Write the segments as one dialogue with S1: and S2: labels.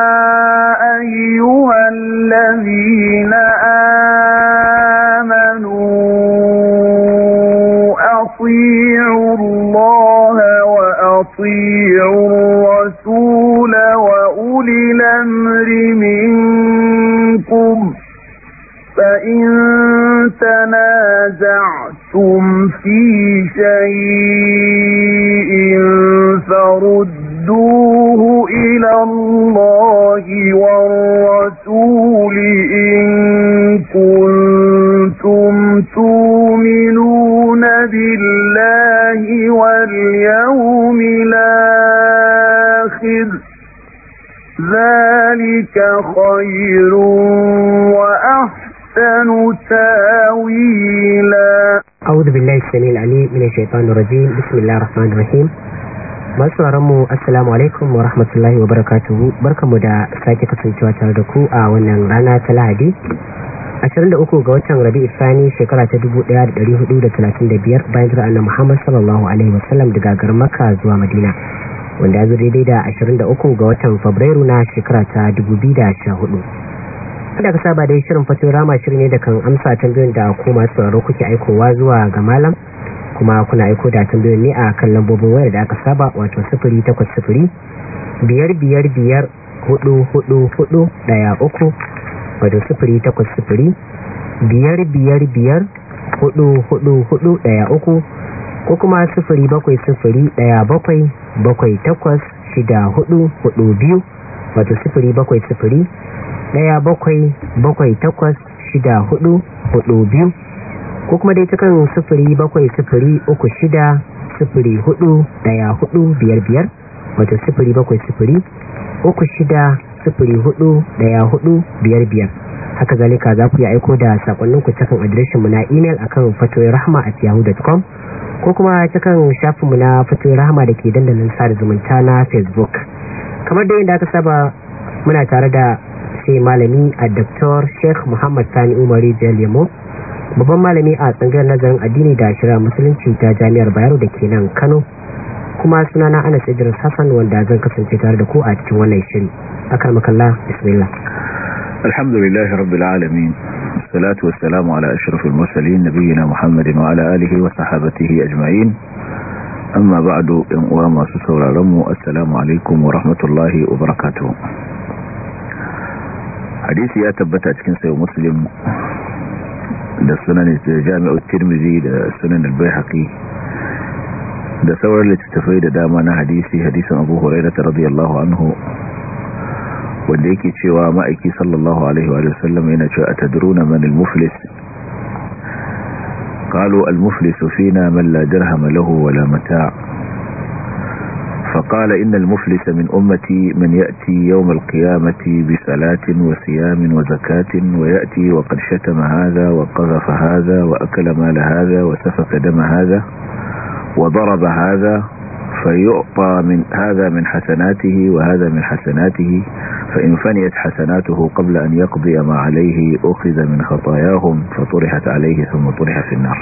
S1: Uh...
S2: bismillahir rahmanir rahim masu mu assalamu alaikum wa rahmatullahi wa barakatuhu barkamu da sake kasancewa tare da ku a wannan rana ta lahadi 23 ga watan rabi isani shekara ta 1435 bayan jira annabi Muhammad sallallahu alaihi wasallam daga garin Makka zuwa Madina wanda ya zo daidai da 23 ga watan Fabrairu na shekara ta 2014 kada ka saba dai shirin fatin rama shirin ne da kan amsa tambayoyin da ko masu sauraro kuke aikowa zuwa ga malam kuma kuna aiko da tambayoyin ne a kan lambobin wayar da aka saba wato sifiri takwas sifiri biyar biyar biyar hudu hudu hudu uku wato sifiri takwas sifiri biyar biyar biyar hudu hudu hudu uku ko kuma sifiri bakwai sifiri daya bakwai bakwai takwas shida hudu hudu biyu wato sifiri bakwai bakwai bakwai takwas shida hudu hudu biyu ko kuma dai ta kan sufuri bakwai sufuri uku shida sufuri hudu daya hudu biyar biyar wato sufuri bakwai sufuri uku shida sufuri hudu daya hudu biyar biyar haka zalika za ku yi aiko da sakonninku cikin adireshinmu na imel akan fatoyi rahama at yahoo.com ko kuma cikin shafinmu na fatoyi rahama da ke dandalin sada zumunta na facebook kamar da yadda aka saba muna tare da sai malami a dr sheikh muhammad sani umaru jalemo babban malami a tsangar nazarin addini da shira musulunci ta jami'ar bayero da ke nan kano kuma na anas idris hassan wanda zan kasance tare da ku a cikin wannan shiri kan makalla bismillah
S3: alhamdulillahi rabbil alamin salatu wassalamu ala ashrafil mursalin nabiyina muhammadin wa ala alihi wa sahabatihi ajma'in amma ba'du yan uwa masu sauraron mu assalamu alaikum wa rahmatullahi wa barakatuh hadisi ya tabbata cikin sayo muslim da sunan jami'ar tirmizi da sunan al-baihaqi da sauran littattafai da dama na hadisi hadisin abu hurairah radiyallahu anhu wanda yake cewa ma'aiki sallallahu alaihi wa sallam yana cewa atadruna man al-muflis qalu al-muflis fina man la dirham lahu wa la mata' فقال إن المفلس من أمتي من يأتي يوم القيامة بصلاة وصيام وزكاة ويأتي وقد شتم هذا وقذف هذا وأكل مال هذا وسفك دم هذا وضرب هذا فيعطى من هذا من حسناته وهذا من حسناته فإن فنيت حسناته قبل أن يقضي ما عليه أخذ من خطاياهم فطرحت عليه ثم طرح في النار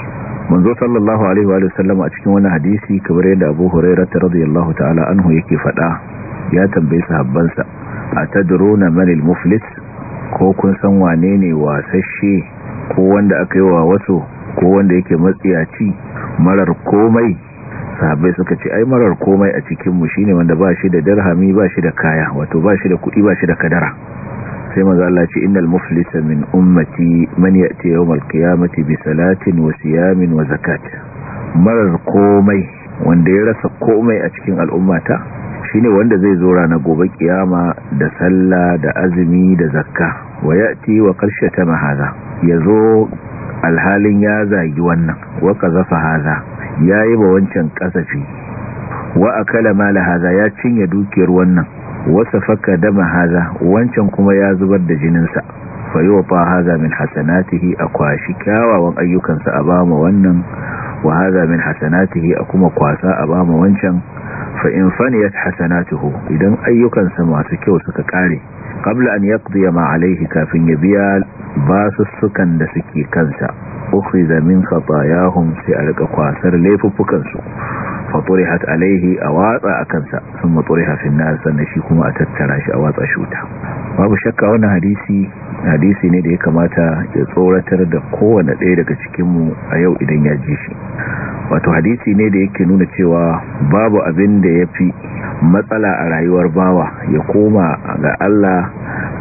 S3: manzo sallallahu alaihi wa sallam a cikin wani hadisi kamar yadda Abu Hurairah radiyallahu ta'ala anhu yake fada ya tambaye sahabbansa atadruna man al-muflis ko kun san wane ne wasashe ko wanda aka yi wa wasu ko wanda yake matsiyaci marar komai sahabbai suka ce ai marar komai a cikinmu shine wanda ba shi da dirhami ba shi da kaya wato ba shi da kuɗi ba shi da kadara sai maza Allah ce innal muflisa min ummati man ya'ti yawmal qiyamati bi salatin wa siyamin wa zakat marar komai wanda ya rasa komai a cikin al'ummata shine wanda zai zo rana gobe kiyama da sallah da azumi da zakka wa ya'ti wa qashata ma hada yazo alhalin ya zagi wannan wa haza? hada yayi ba wancan kasafi wa akala mala hada ya cinye dukiyar wannan wasa faka dama haza wancan kuma ya zubar da jininsa fayowa fa haza min hasanatihi a kwashi kyawawan ayyukansa a bama wannan wa haza min hasanatihi a kuma kwasa a bama wancan fa in faniyat idan ayyukansa masu kyau suka kare kabla an yaqdi ma alayhi kafin ya biya sukan da suke kansa ukhidha min yahun sai a rika kwasar laifuffukansu faturihat alaihi a watsa a kansa sun maturiha fi nasa, sannan shi kuma a tattara shi a watsa shuta babu shakka wannan hadisi hadisi ne da ya kamata ya tsoratar da kowane ɗaya daga cikinmu a yau idan ya ji shi wato hadisi ne da yake nuna cewa babu abin da ya fi matsala a rayuwar bawa ya koma ga Allah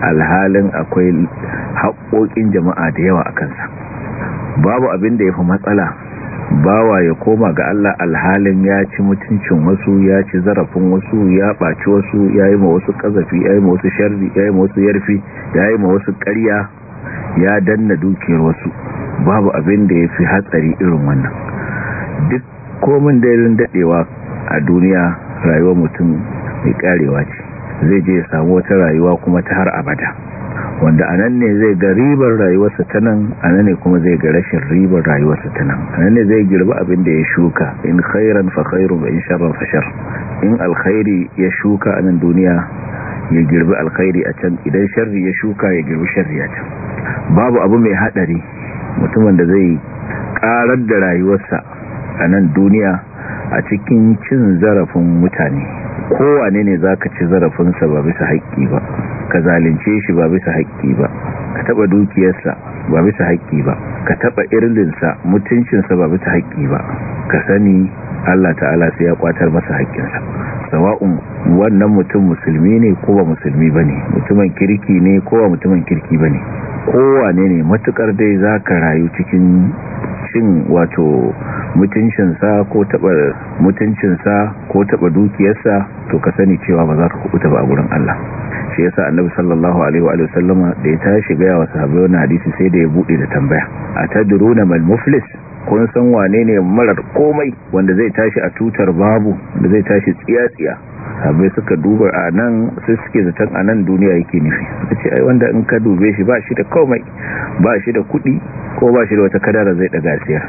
S3: alhalin akwai haƙoƙin jama'a da yawa a kansa babu abin da ya fi matsala bawa ya koma ga Allah alhalin ya ci mutuncin wasu ya ci zarafin wasu ya ɓaci wasu ya yi ma wasu ƙazafi ya yi ma wasu sharri ya yi ma wasu yarfi ya yi ma wasu ƙarya ya danna dukiyar wasu babu abin da ya fi hatsari irin wannan duk komin dairin daɗewa a duniya rayuwar mutum mai ƙarewa ce zai je ya samu wata rayuwa kuma ta har abada wanda anan ne zai ga ribar rayuwarsa ta nan anan ne kuma zai ga rashin ribar rayuwarsa ta nan anan ne zai girba abin da ya shuka in khairan fa khairu wa in sharran fa shar in alkhairi ya shuka a nan duniya ya girbi alkhairi a can idan sharri ya shuka ya girbi sharri a can babu abu mai hadari mutumin da zai karar da rayuwarsa a nan duniya a cikin cin zarafin mutane kowane ne za ka ci zarafinsa ba bisa haƙƙi ba ka zalince shi ba bisa haƙƙi ba ka taɓa dukiyarsa ba bisa haƙƙi ba ka taɓa irlinsa mutuncinsa ba bisa haƙƙi ba ka sani Allah ta'ala sai ya kwatar masa haƙƙinsa sawa'un wannan mutum musulmi ne ko ba musulmi bane mutumin kirki ne ko ba mutumin kirki bane kowane ne matukar dai zaka rayu cikin cin wato mutuncinsa ko taba mutuncinsa ko taba dukiyarsa to ka sani cewa ba za ka kubuta ba a gurin Allah shi yasa annabi sallallahu alaihi wa sallama da ya tashi ga wa sahabbai wannan hadisi sai da ya bude da tambaya atadruna mal muflis kun san wane ne marar komai wanda zai tashi a tutar babu da zai tashi tsiya abu ya suka duba a nan sai suke zaton a nan duniya yake nufi suka ce ai wanda in ka dube shi ba shi da komai ba shi da kuɗi ko ba shi da wata kadara zai daga siyar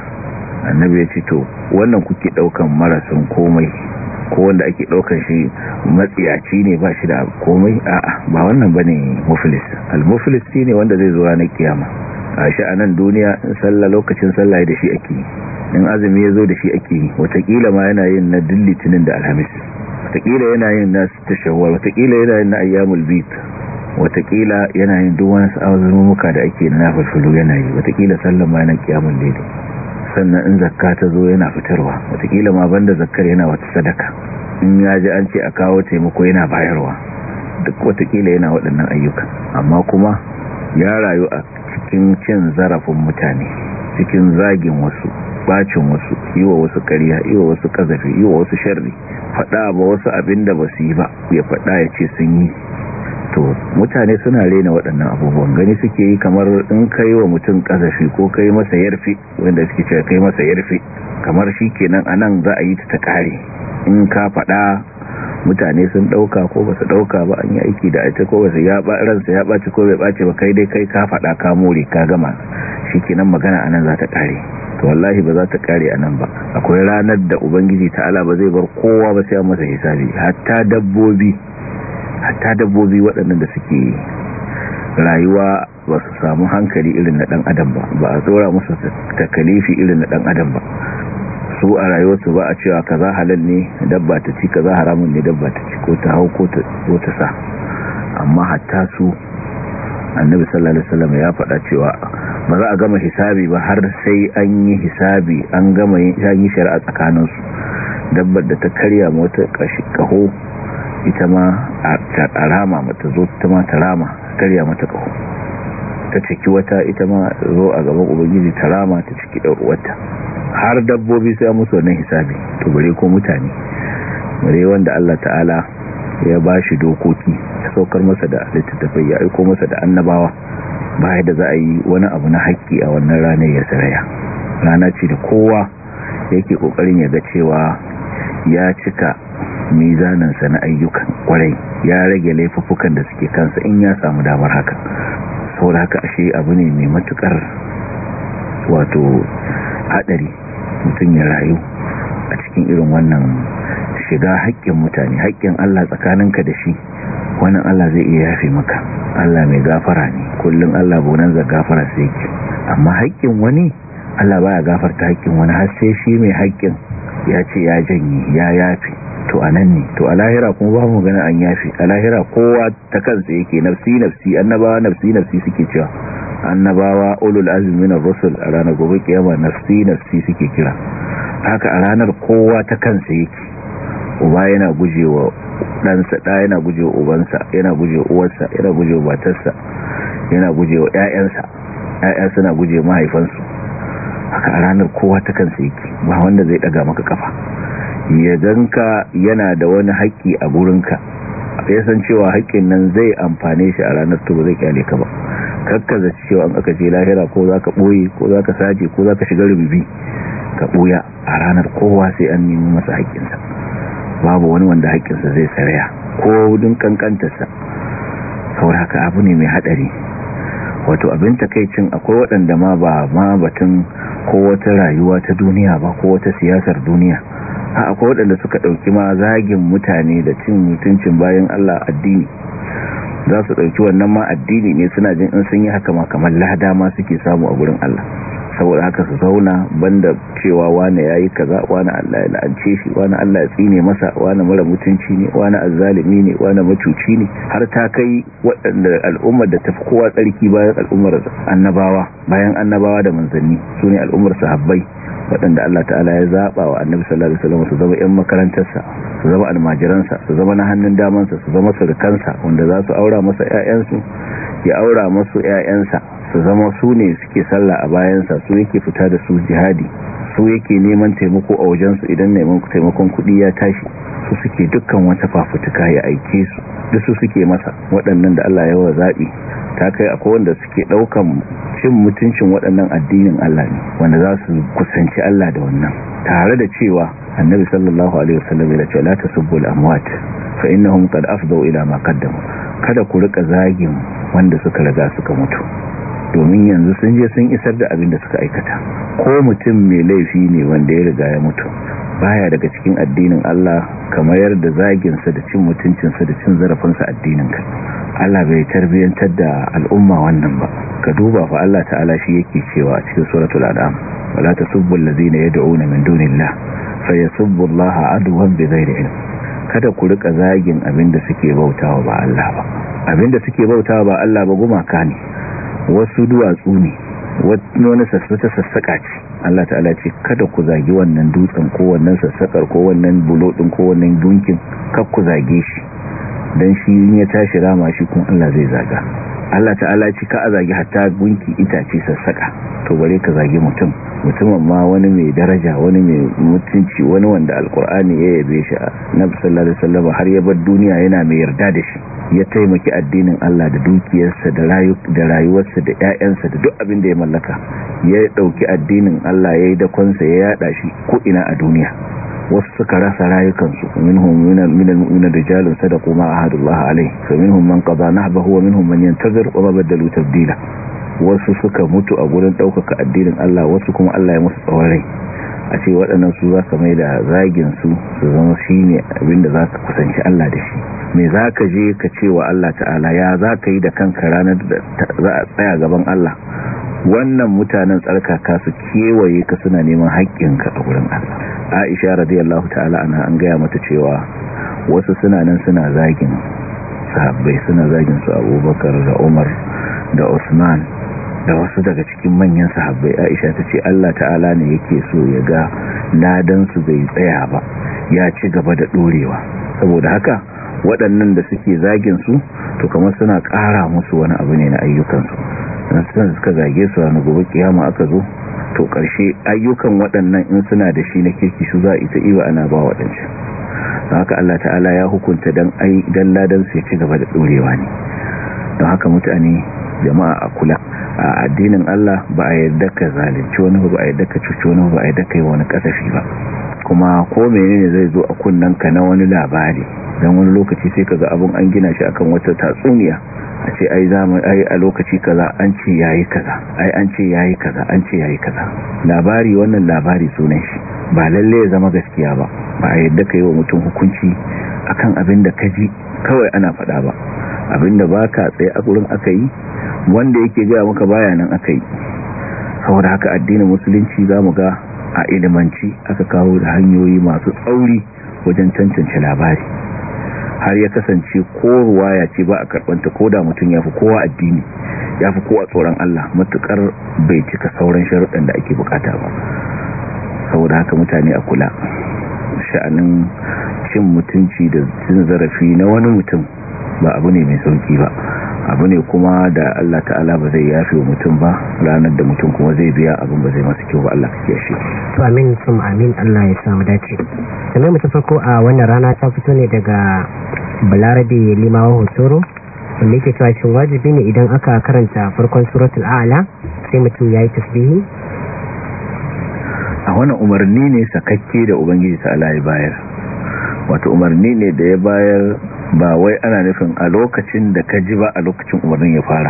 S3: annabi ya ce to wannan kuke ɗaukan marasin komai ko wanda ake ɗaukan shi matsiyaci ne ba shi da komai a'a ba wannan ne muflis al-muflis ne wanda zai zo ranar kiyama shi a nan duniya in sallah lokacin sallah da shi ake yi in azumi ya zo da shi ake yi watakila ma yana yin na dilli tunin da alhamis watakila yana yin na tashawwal watakila yana yin na ayyamul bit watakila yana yin duk wani muka da ake na fulfulu yana yi watakila sallah ma yana kiyamul layli sannan in zakka ta zo yana fitarwa watakila ma banda zakkar yana wata sadaka in ya ji an ce a kawo taimako yana bayarwa duk watakila yana waɗannan ayyuka amma kuma ya rayu a cikin cin zarafin mutane cikin zagin wasu bacin wasu yi wa wasu kariya yi wa wasu kazafi yi wa wasu sharri faɗa ba wasu abin da ba su yi ba ya faɗa ya ce sun yi to mutane suna rena waɗannan abubuwan gani suke yi kamar in kai wa mutum kazafi ko kai masa yarfi wanda suke cewa kai masa yarfi kamar shi kenan anan za a yi ta kare in ka faɗa mutane sun dauka ko ba su dauka ba an yi aiki da ita ko ba su ya ba ransa ya baci ko bai baci ba kai dai kai ka faɗa ka more ka gama shi kenan magana anan za ta kare to wallahi ba za ta kare anan ba akwai ranar da ubangiji ta ala ba zai bar kowa ba sai an masa hisabi hatta dabbobi hatta dabbobi waɗannan da suke rayuwa ba su samu hankali irin na dan adam ba ba a tsora musu takalifi irin na ɗan adam ba su a rayuwarsu ba a cewa ka za halal ne dabba ta ci ka za haramun ne dabba ta ci ko ta hau ko ta sa amma hatta su annabi sallallahu alaihi wasallam ya faɗa cewa ba za a gama hisabi ba har sai an yi hisabi an gama yi shari'a su dabbar da ta karya mota kashi kaho ita ma a rama mata zo ta ma ta rama karya mata kaho ta ciki wata ita ma zo a gaban ubangiji ta rama ta ciki wata. har dabbobi sai musu wannan hisabi to bare ko mutane bare wanda Allah ta'ala ya ba shi dokoki ya saukar masa da littattafai ya aiko masa da annabawa ba da za a yi wani abu na haƙƙi a wannan ranar ya saraya rana ce da kowa yake ƙoƙarin ya ga cewa ya cika mizaninsa na ayyukan kwarai ya rage laifuffukan da suke kansa in ya samu damar haka saboda haka ashe abu ne mai matukar wato hadari mutum ya rayu a cikin irin wannan shiga haƙƙin mutane haƙƙin Allah tsakaninka da shi wannan Allah zai iya yafe maka Allah mai gafara ne kullum Allah bonan za gafara sai yake amma haƙƙin wani Allah baya gafarta haƙƙin wani har sai shi mai haƙƙin ya ce ya janye ya yafe to anan ne to a lahira kuma ba mu gani an yafe a lahira kowa ta kansa yake nafsi nafsi annabawa nafsi nafsi suke cewa annabawa ulul azmi na rusul a ranar gobe kiyama nafsi nafsi suke kira haka a ranar kowa ta kansa yake uba yana gujewa ɗansa ɗa yana gujewa ubansa yana gujewa uwarsa yana gujewa batarsa yana gujewa ƴaƴansa ƴaƴa suna guje mahaifansu haka a ranar kowa ta kansa yake ba wanda zai ɗaga maka kafa ya ganka yana da wani haƙƙi a gurinka ya san cewa haƙƙin nan zai amfane shi a ranar to zai kyale ka ba kakkaza cewa an aka je lahira ko za ka ɓoye ko za ka saje ko za ka shiga rububi ka ɓoya a ranar kowa sai an nemi masa haƙƙinsa babu wani wanda haƙƙinsa zai tsaraya ko dun kankantarsa saboda haka abu ne mai haɗari wato abin takaicin akwai waɗanda ma ba ma batun ko wata rayuwa ta duniya ba ko wata siyasar duniya a akwai waɗanda suka ɗauki ma zagin mutane da cin mutuncin bayan Allah addini za su ɗauki wannan ma addini ne suna jin in sun yi haka ma kamar lada ma suke samu a gurin Allah saboda haka su zauna banda cewa wane yayi kaza wani Allah ya la'ance shi wani Allah ya tsine masa wani mara mutunci ne wani azalimi ne wani macuci ne har ta kai waɗanda al'ummar da ta fi kowa tsarki bayan al'ummar annabawa bayan annabawa da manzanni su ne al'ummar sahabbai waɗanda Allah ta'ala ya zaɓa wa annabi sallallahu alaihi wasallam su zama ƴan makarantarsa su zama almajiransa su zama na hannun damansa su zama surukansa wanda za su aura masa ƴaƴansu ya aura masu ƴaƴansa su zama su ne suke sallah a bayansa su yake fita da su jihadi su yake neman taimako a wajensu idan neman taimakon kuɗi ya tashi su suke dukkan wata fafutuka ya aike su duk su suke masa waɗannan da Allah ya wa zaɓi ta kai akwai wanda suke ɗaukan cin mutuncin waɗannan addinin Allah ne wanda za su kusanci Allah da wannan tare da cewa annabi sallallahu alaihi wasallam ya ce la amwat fa ila ma qaddamu kada ku rika zagin wanda suka riga suka mutu domin yanzu sun je sun isar da abin da suka aikata ko mutum mai laifi ne wanda ya riga ya mutu baya daga cikin addinin Allah kamar yarda zaginsa da cin mutuncinsa da cin zarafinsa addinin ka Allah bai tarbiyantar da al'umma wannan ba ka duba fa Allah ta'ala shi yake cewa a cikin suratul adam wala tasubbu allazina yad'una min dunillah fayasubbu Allah adwan bighayri ilm kada ku rika zagin abinda suke bautawa ba Allah ba abinda suke bautawa ba Allah ba gumaka ne wasu duwatsu ne wani sassaƙa sassaka ce Allah ta'ala ce kada ku zagi wannan dutsen ko wannan sassakar ko wannan bulodin ko wannan dunkin kakku zage shi don shi ya tashi rama shi kun Allah zai zaga Allah ta'ala ci ka zagi hatta gunki itace sassaka to bare ka zagi mutum mutumin ma wani mai daraja wani mai mutunci wani wanda alkur'ani ya yabe shi nabi sallallahu alaihi wasallam har ya bar duniya yana mai yarda da shi ya taimaki addinin Allah da dukiyarsa da rayu da rayuwarsa da ƴaƴansa da duk abin da ya mallaka ya dauki addinin Allah yayi da kansa ya yada shi ko ina a duniya wasu suka rasa rayukansu minhum minal da rijalun sadaqu ma ahadullah alayhi fa minhum man qada nahbahu wa minhum man yantazir wa ma badalu tabdila wasu suka mutu a gurin daukaka addinin Allah wasu kuma Allah ya musu tsawon rai a ce waɗannan su za ka mai da zagin su su zama shi ne abinda za ka kusanci Allah da shi me za ka je ka ce wa Allah ta'ala ya za ka yi da kanka ranar da za a tsaya gaban Allah wannan mutanen tsarkaka su kewaye ka suna neman haƙƙinka a wurin Allah Aisha radiyallahu ta'ala ana an gaya mata cewa wasu suna nan suna zagin sahabbai suna zagin su Abubakar da Umar da Usman da wasu daga cikin manyan sahabbai Aisha ta ce Allah ta'ala ne yake so ya ga ladan su bai tsaya ba ya ci gaba da ɗorewa. saboda haka waɗannan da suke zagin su to kamar suna ƙara musu wani abu ne na ayyukansu suka suka zage su wani gobe kiyama aka zo to karshe ayyukan waɗannan in suna da shi na kirki su za a ita iwa ana ba waɗancan haka Allah ta'ala ya hukunta don ai dan ladan su ya ci gaba da ɗorewa ne don haka mutane jama'a a kula a addinin Allah ba a yarda ka zalunci wani ba a yarda ka cuci wani ba a yarda ka yi wani kasafi ba kuma ko menene zai zo a ka na wani labari don wani lokaci sai kaga abun an gina shi akan wata tatsuniya a ce ai zamu ai a lokaci kaza an ce yayi kaza ai an ce yayi kaza an ce yayi kaza labari wannan labari sunan shi ba lalle ya zama gaskiya ba ba a yadda kai wa mutum hukunci akan abin da kaji kawai ana faɗa ba abin da baka tsaye a gurin akai wanda yake ga maka baya nan akai saboda haka addinin musulunci zamu ga a ilimanci aka kawo da hanyoyi masu tsauri wajen cancanci labari har ya kasance ko ruwa ya ce ba a karbanta ko da mutum ya fi kowa addini ya fi kowa tsoron Allah matukar bai cika sauran sharuɗan da ake bukata ba saboda haka mutane a kula sha'anin cin mutunci da cin zarafi na wani mutum ba abu ne mai sauki ba abu ne kuma da Allah ta'ala ba zai yafe wa mutum ba ranar da mutum kuma zai biya abin ba zai masu
S2: kyau ba Allah kake shi to amin sun amin Allah ya samu dace kamar mutum farko a wannan rana ta fito ne daga balarabe limawa hotoro wanda yake cewa shin wajibi ne idan aka karanta farkon suratul a'la sai mutum ya yi tasbihi
S3: a wannan umarni ne sakakke da ubangiji ta Allah ya bayar wato umarni ne da ya bayar ba wai ana nufin a lokacin da ka ji ba a lokacin umarnin ya fara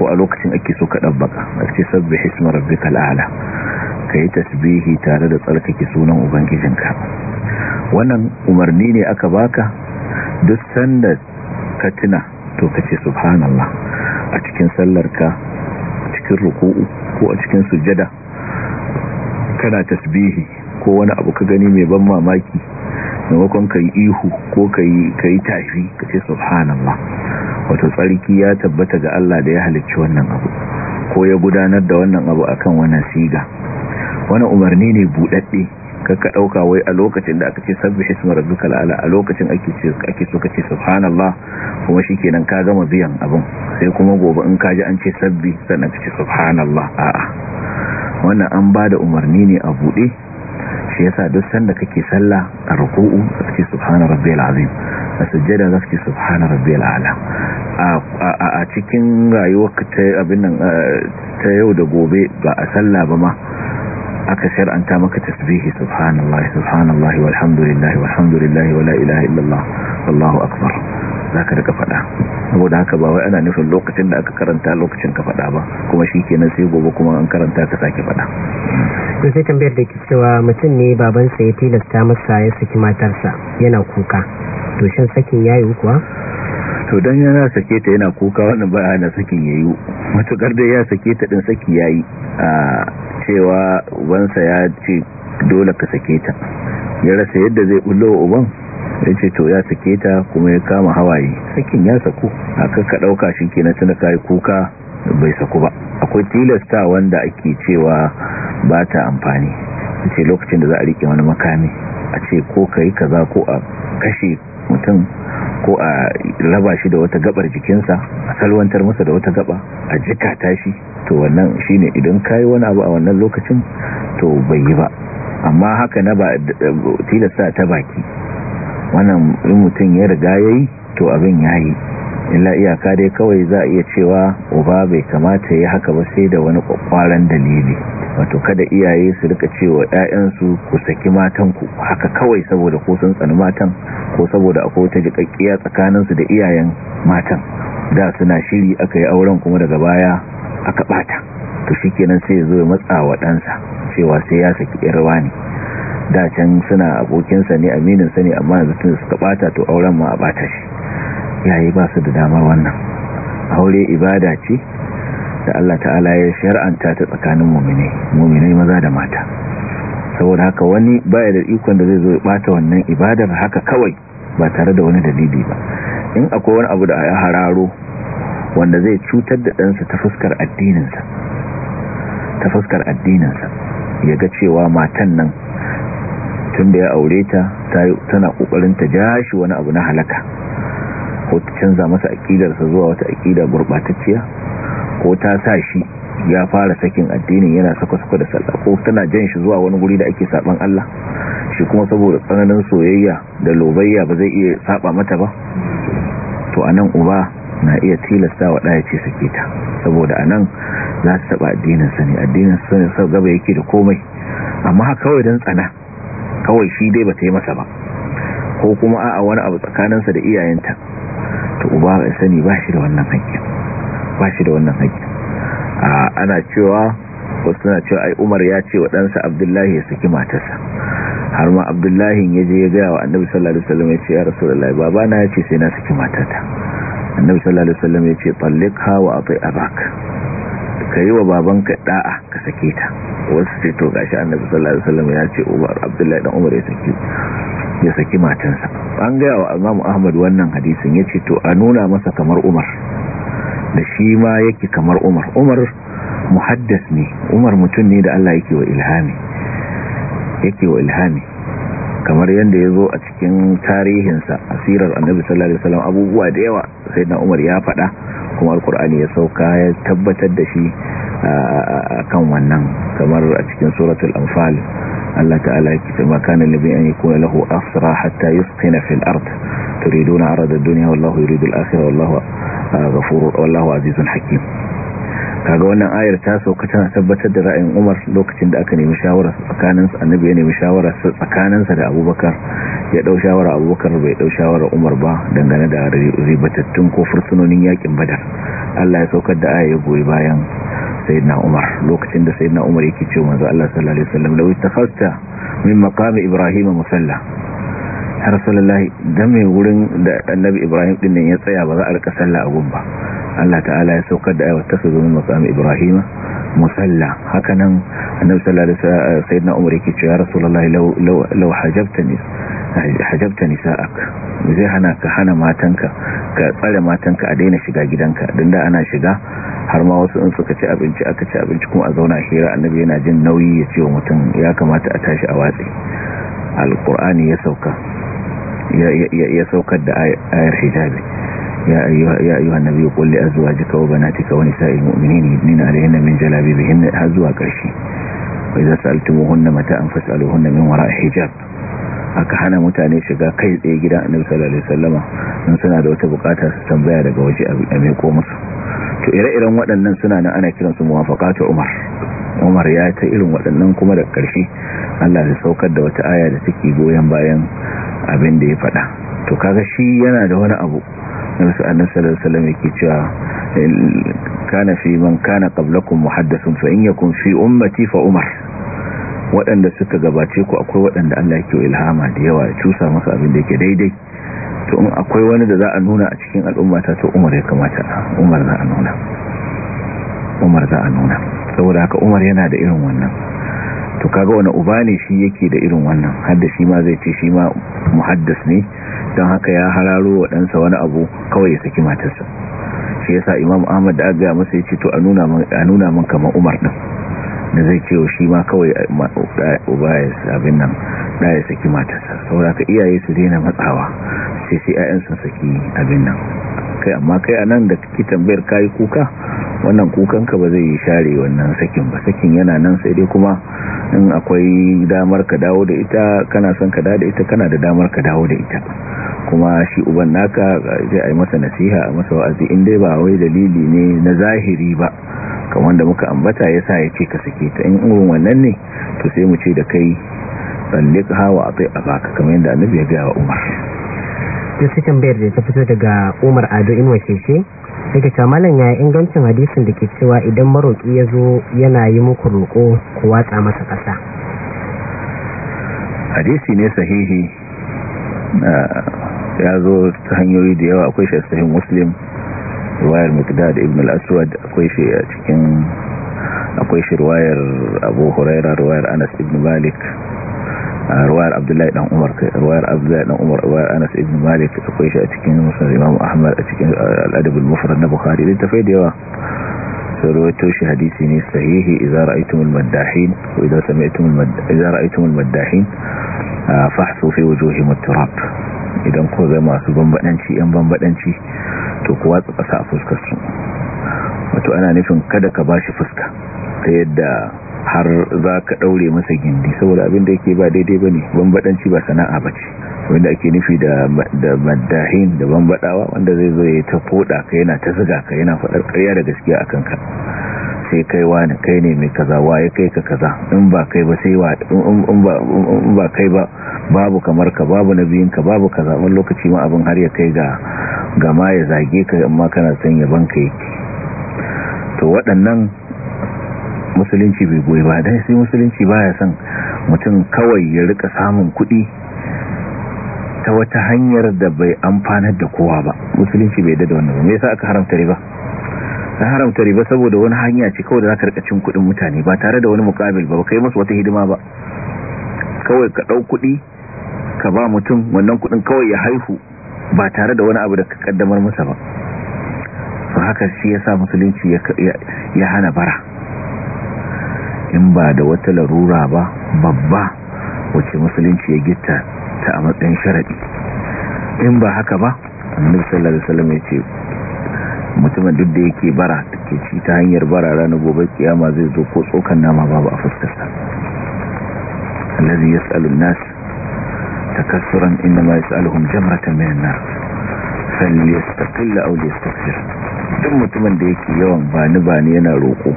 S3: ko a lokacin ake so ka ɗabbaka a ake sabbi hisma rabbikal a'la yi tasbihi tare da tsarkake sunan ubangijinka wannan umarni ne aka baka duk sanda ka tuna to ce subhanallah a cikin sallarka cikin ruku'u ko a cikin sujada kana tasbihi ko wani abu ka gani mai ban mamaki maimakon ka yi ihu ko ka yi tafi ka ce subhanallah wato tsarki ya tabbata ga Allah da ya halicci wannan abu ko ya gudanar da wannan abu akan wannan siga wani umarni ne buɗaɗɗe kakka ɗauka wai a lokacin da aka ce sabbi hisma rabbikal ala a lokacin ake ce ake so subhanallah kuma shi kenan ka gama biyan abin sai kuma gobe in ka ji an ce sabbi sannan kace subhanallah a'a wannan an bada umarni ne a buɗe shi yasa duk sanda kake sallah a ruku'u kake subhana rabbiyal azim a sujjada zaka ce subhana rabbiyal a'la a cikin rayuwarka ta abin nan ta yau da gobe ba a sallah ba ma aka shar'anta maka tasbihi subhanallahi subhanallahi walhamdulillahi walhamdulillahi wala ilaha illallah wallahu akbar zaka rika fada saboda haka ba wai ana nufin lokacin da aka karanta lokacin ka fada ba kuma shikenan sai gobe kuma an karanta ka sake fada
S2: to sai tambayar da ke cewa mutum ne babansa ya tilasta masa ya saki matarsa yana kuka to shin sakin ya yi kuwa
S3: to don yana sake ta yana kuka wannan ba na sakin ya yiwu matukar da ya sake ta din saki ya yi a cewa ubansa ya ce dole ka sake ta ya rasa yadda zai bullo uban ya ce to ya sake ta kuma ya kama hawaye sakin ya saku a ka ɗauka shi kenan tana kai kuka bai saku ba akwai tilasta wanda ake cewa ba ta amfani a ce lokacin da za a rike wani makami a ce ko ka yi kaza ko a kashe mutum ko a raba shi da wata gabar jikinsa a salwantar masa da wata gaba a ta shi to wannan shi ne idan kayi wani abu a wannan lokacin to bai yi ba amma haka na ba tilasta ta baki wannan mutum ya riga yi to abin ya yi. illa iyaka dai kawai za a iya cewa uba bai kamata ya haka ba sai da wani kwakwaran dalili wato kada iyaye su rika cewa ƴaƴansu ku saki matan ku haka kawai saboda ko sun tsani matan ko saboda akwai wata jikakkiya tsakanin su da iyayen matan da suna shiri aka yi auren kuma daga baya aka bata to shikenan sai ya zo ya matsa wa ɗansa cewa sai ya saki ƴar ne da can suna abokinsa ne sa ne amma yanzu tun suka bata to auren ma a bata shi yayi ba su da damar wannan aure ibada ce da Allah ta'ala ya shar'anta ta tsakanin mu'mini mu'minai maza da mata saboda haka wani baya da ikon da zai zo ya bata wannan ibadar haka kawai ba tare da wani dalili ba in akwai wani abu da ya hararo wanda zai cutar da ɗansa ta fuskar addininsa ta fuskar addininsa ya ga cewa matan nan tun da ya aure ta tana ƙoƙarin ta ja shi wani abu na halaka ko ta canza masa aƙidarsa zuwa wata aƙida gurɓatacciya ko ta sa shi ya fara sakin addinin yana saka-saka da sallah ko tana jan shi zuwa wani guri da ake saban Allah shi kuma saboda tsananin soyayya da lobayya ba zai iya saba mata ba to anan uba na iya tilasta wa ɗaya ce sake ta saboda anan za su taɓa addinin sa ne addinin sa ne sau gaba yake da komai amma kawai don tsana kawai shi dai ba ta yi masa ba ko kuma a'a wani abu tsakaninsa da iyayenta uba bai sani ba shi da wannan haƙƙin ba shi da wannan haƙƙin ana cewa wasu suna cewa ai umar ya ce wa ɗansa abdullahi ya saki matarsa har ma abdullahi ya je ya gaya wa annabi sallallahu alaihi wasallam ya ce ya rasulullahi baba na ya ce sai na saki matarta annabi sallallahu alaihi wasallam ya ce talliqha wa ati abak kai wa babanka da'a ka sake ta wasu ce to gashi annabi sallallahu alaihi wasallam ya ce Umar Abdullahi dan Umar ya saki ya saki matansa an ga wa Imam Ahmad wannan hadisin ce to a nuna masa kamar Umar da shi ma yake kamar Umar Umar muhaddas ne Umar mutum ne da Allah yake wa ilhami yake wa ilhami kamar yadda ya zo a cikin tarihinsa asirar annabi sallallahu alaihi wasallam abubuwa da yawa sai na umar ya faɗa kuma alkur'ani ya sauka ya tabbatar da shi kan wannan kamar a cikin suratul anfal Allah ta'ala yake cewa kana nabi an yakuna lahu asra hatta yusqina fil ard turiduna arada dunya wallahu yuridu al-akhirah wallahu ghafurur wallahu azizun hakim kaga wannan ayar ta sauka tana tabbatar da ra'ayin Umar lokacin da aka nemi shawara tsakanin annabi ya nemi shawara tsakanin sa da Abubakar ya dau shawara Abubakar bai dau shawara Umar ba dangane da ribatattun ko fursunonin yakin Badar Allah ya saukar da ayar goyi bayan sayyidina Umar lokacin da sayyidina Umar yake ce manzo Allah sallallahu alaihi wasallam law ittakhadta min maqami Ibrahim musalla har sallallahu dan mai wurin da annabi Ibrahim din ya tsaya ba za a rika sallah a gumba Allah ta'ala ya saukar da ayat ta zo min maqam Ibrahim musalla hakanan annabi sallallahu alaihi wasallam eh, sayyidina Umar yake cewa rasulullahi law law hajabtani hajabta nisa'ak zai hana ka hana matanka ka tsare matanka a daina shiga gidanka don da ana shiga har ma wasu in suka ci abinci aka ci abinci kuma a zauna hira annabi yana jin nauyi ya ce wa mutum ya kamata a tashi a watsi Alƙur'ani ya sauka ya saukar da ayar hijabi يا أيها, يا أيها النبي قل لأزواجك وبناتك ونساء المؤمنين يبنين عليهن من جلابيبهن هزوا كرشي وإذا سألتموهن متاء فاسألوهن من وراء حجاب aka hana mutane shiga kai tsaye gida annabi sallallahu alaihi wasallama in suna da wata bukata su tambaya daga waje a mai ko musu to ire-iren waɗannan suna nan ana kiran su muwafaqatu umar umar ya ta irin waɗannan kuma da ƙarshe Allah da saukar da wata aya da take goyen bayan abin da ya faɗa to kaga shi yana da wani abu na su annan salasalam ya ke cewa kana fi man kana ƙablakun muhaddasun fa in yakun fi ummati fa umar waɗanda suka gabace ku akwai waɗanda Allah yake ilhama da yawa ya cusa masa abin da yake daidai to in akwai wani da za a nuna a cikin al'ummata to umar ya kamata umar za a nuna umar za a nuna saboda haka umar yana da irin wannan to kaga wani uba ne shi yake da irin wannan hadda shi ma zai ce shi ma muhaddas ne don haka ya hararo waɗansa wani abu kawai ya saki matarsa shi yasa imam ahmad da aga masa ya ce to a nuna min kama umar ɗin da zai ce shi ma kawai eh, uba ya abin nan da ya saki matarsa saura ka iyaye su daina matsawa sai sai 'ya'yan sun saki abin nan kai amma kai a nan da kake tambayar kayi kuka wannan kukan ka ba zai share wannan sakin ba sakin yana nan sai dai kuma in akwai damar ka dawo da ita kana son ka dawo da ita kana da damar ka dawo da ita kuma shi uban naka zai a masa nasiha a masa wa'azi in dai ba wai dalili ne na zahiri ba kamar da muka ambata ya sa ya ce ka sake ta in irin wannan ne to sai mu ce da kai tsallik hawa a kai a baka kamar yadda annabi ya gaya wa umar
S2: da ta fito daga umar ado inuwa keke. daga cewa malam ya ingancin hadisin da ke cewa idan maroƙi ya zo yana yi muku roƙo ku watsa masa ƙasa
S3: hadisi ne sahihi ya zo ta hanyoyi da yawa akwai shi sahihin muslim ruwayar mukdad ibn al-aswad akwai shi a cikin akwai shi ruwayar abu huraira ruwayar anas ibn malik روايه عبد الله بن عمر روايه عبد الله بن عمر روايه انس بن مالك اخويا اتكين مسلم امام احمد اتكين الادب المفرد ابو خالد انت فيدي روايه حديثي صحيح اذا رايتم المداحين واذا سمعتم المد اذا رايتم المداحين آه، فحصوا في وجوههم التراب اذا ko zai ما banbadanci yan ان to kuwa tsasa a fuskarsu wato ana nufin kada ka ba shi fuska ta yadda har za ka ɗaure masa gindi saboda abin da yake ba daidai ba ne bambadanci ba sana'a ba ce wanda ake nufi da maddahin da bambadawa wanda zai zo ya ta foda ka yana ta ziga ka yana faɗar karya da gaskiya a kanka sai kai wani kai ne mai kaza waye kai ka kaza in ba kai ba sai wa in ba kai ba babu kamar ka babu biyun ka babu kaza wani lokaci ma abin har ya kai ga gama ya zage ka amma kana son ya banka yake to waɗannan musulunci bai goyi ba dan sai musulunci baya son mutum kawai ya rika samun kuɗi ta wata hanyar da bai amfanar da kowa ba musulunci bai dada wannan me yasa aka haramta riba ka haramta riba saboda wani hanya ce kawai da zaka rika cin kuɗin mutane ba tare da wani mukabil ba kai musu wata hidima ba kawai ka ɗau kuɗi ka ba mutum wannan kuɗin kawai ya haihu ba tare da wani abu da ka kaddamar masa ba haka shi ya sa musulunci ya hana bara in ba da wata larura ba babba wace musulunci ya gita ta a matsayin sharaɗi in ba haka ba annabi sallallahu alaihi wasallam ya ce mutumin duk da yake bara ke ci ta hanyar bara ranar gobe kiyama zai zo ko tsokan nama babu a fuskarsa allazi yas'alu an-nas takassuran ma yas'aluhum jamratan min an-nar falyastaqil aw yastaghfir duk mutumin da yake yawan bani bani yana roko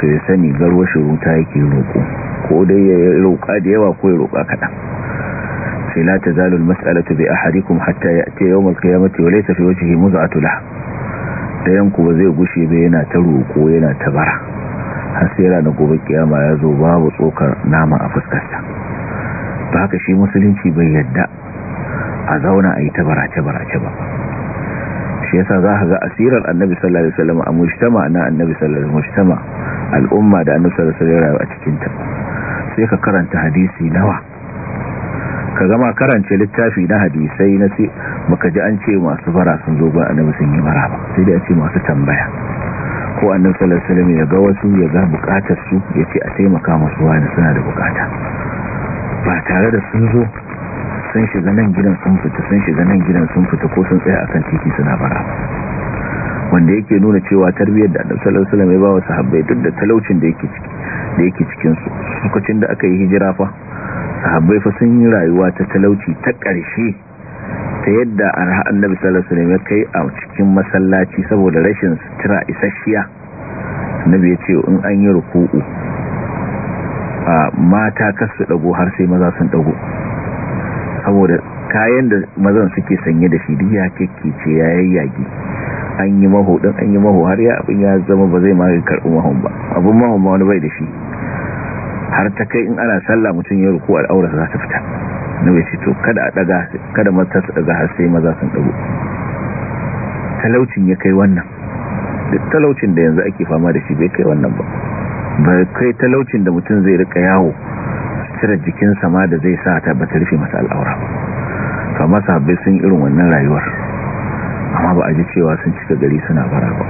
S3: to ya sani garwashin ruta yake roƙo ko dai ya roƙa da yawa ko ya roƙa kaɗan sai na ta zalul mas'alatu bi ahadikum hatta ya'ti yawm al-qiyamati wa laysa fi wajhihi muz'atu lah dayan ku zai gushe ba yana ta roƙo yana ta bara har sai ranar gobe kiyama ya zo babu tsokar nama a fuskarsa ba haka shi musulunci bai yadda a zauna a yi ta barace barace ba shi yasa za ga asirar annabi sallallahu alaihi wasallam a mujtama na annabi sallallahu alaihi mujtama al'umma da annabi sallallahu alaihi wasallam a cikin ta sai ka karanta hadisi nawa ka gama karance littafi na hadisai na sai baka ji an ce masu bara sun zo ba annabi sun yi bara ba sai dai a ce masu tambaya ko annabi sallallahu alaihi wasallam ya ga wasu ya ga bukatar su ya ce a taimaka musu wani suna da bukata ba tare da sun zo sun shiga nan gidan sun fita sun shiga nan gidan sun fita ko sun tsaya akan titi suna bara wanda yake nuna cewa tarbiyyar da annabi sallallahu alaihi wasallam ya ba wa sahabbai duk da talaucin da yake ciki da yake cikin su lokacin da aka yi hijira fa sahabbai fa sun yi rayuwa ta talauci ta ƙarshe ta yadda arha annabi sallallahu alaihi wasallam ya kai a cikin masallaci saboda rashin sutura isasshiya annabi ya ce in an yi ruku'u a mata kasu dago har sai maza sun dago saboda kayan da mazan suke sanye da shi duk ya ce ya yayyage an yi maho din an yi maho har ya abin ya zama ba zai ma karɓi mahon ba abin mahon ma wani bai da shi har ta kai in ana sallah mutum ya ruku al'aura za ta fita na bai ce to kada a daga kada mata su daga har sai maza sun dago talaucin ya kai wannan duk talaucin da yanzu ake fama da shi bai kai wannan ba bai kai talaucin da mutum zai rika yawo cire jikin sama da zai sa ta ba ta rufe masa al'aura ba kama sahabbai sun irin wannan rayuwar amma ba a ji cewa sun cika gari suna bara ba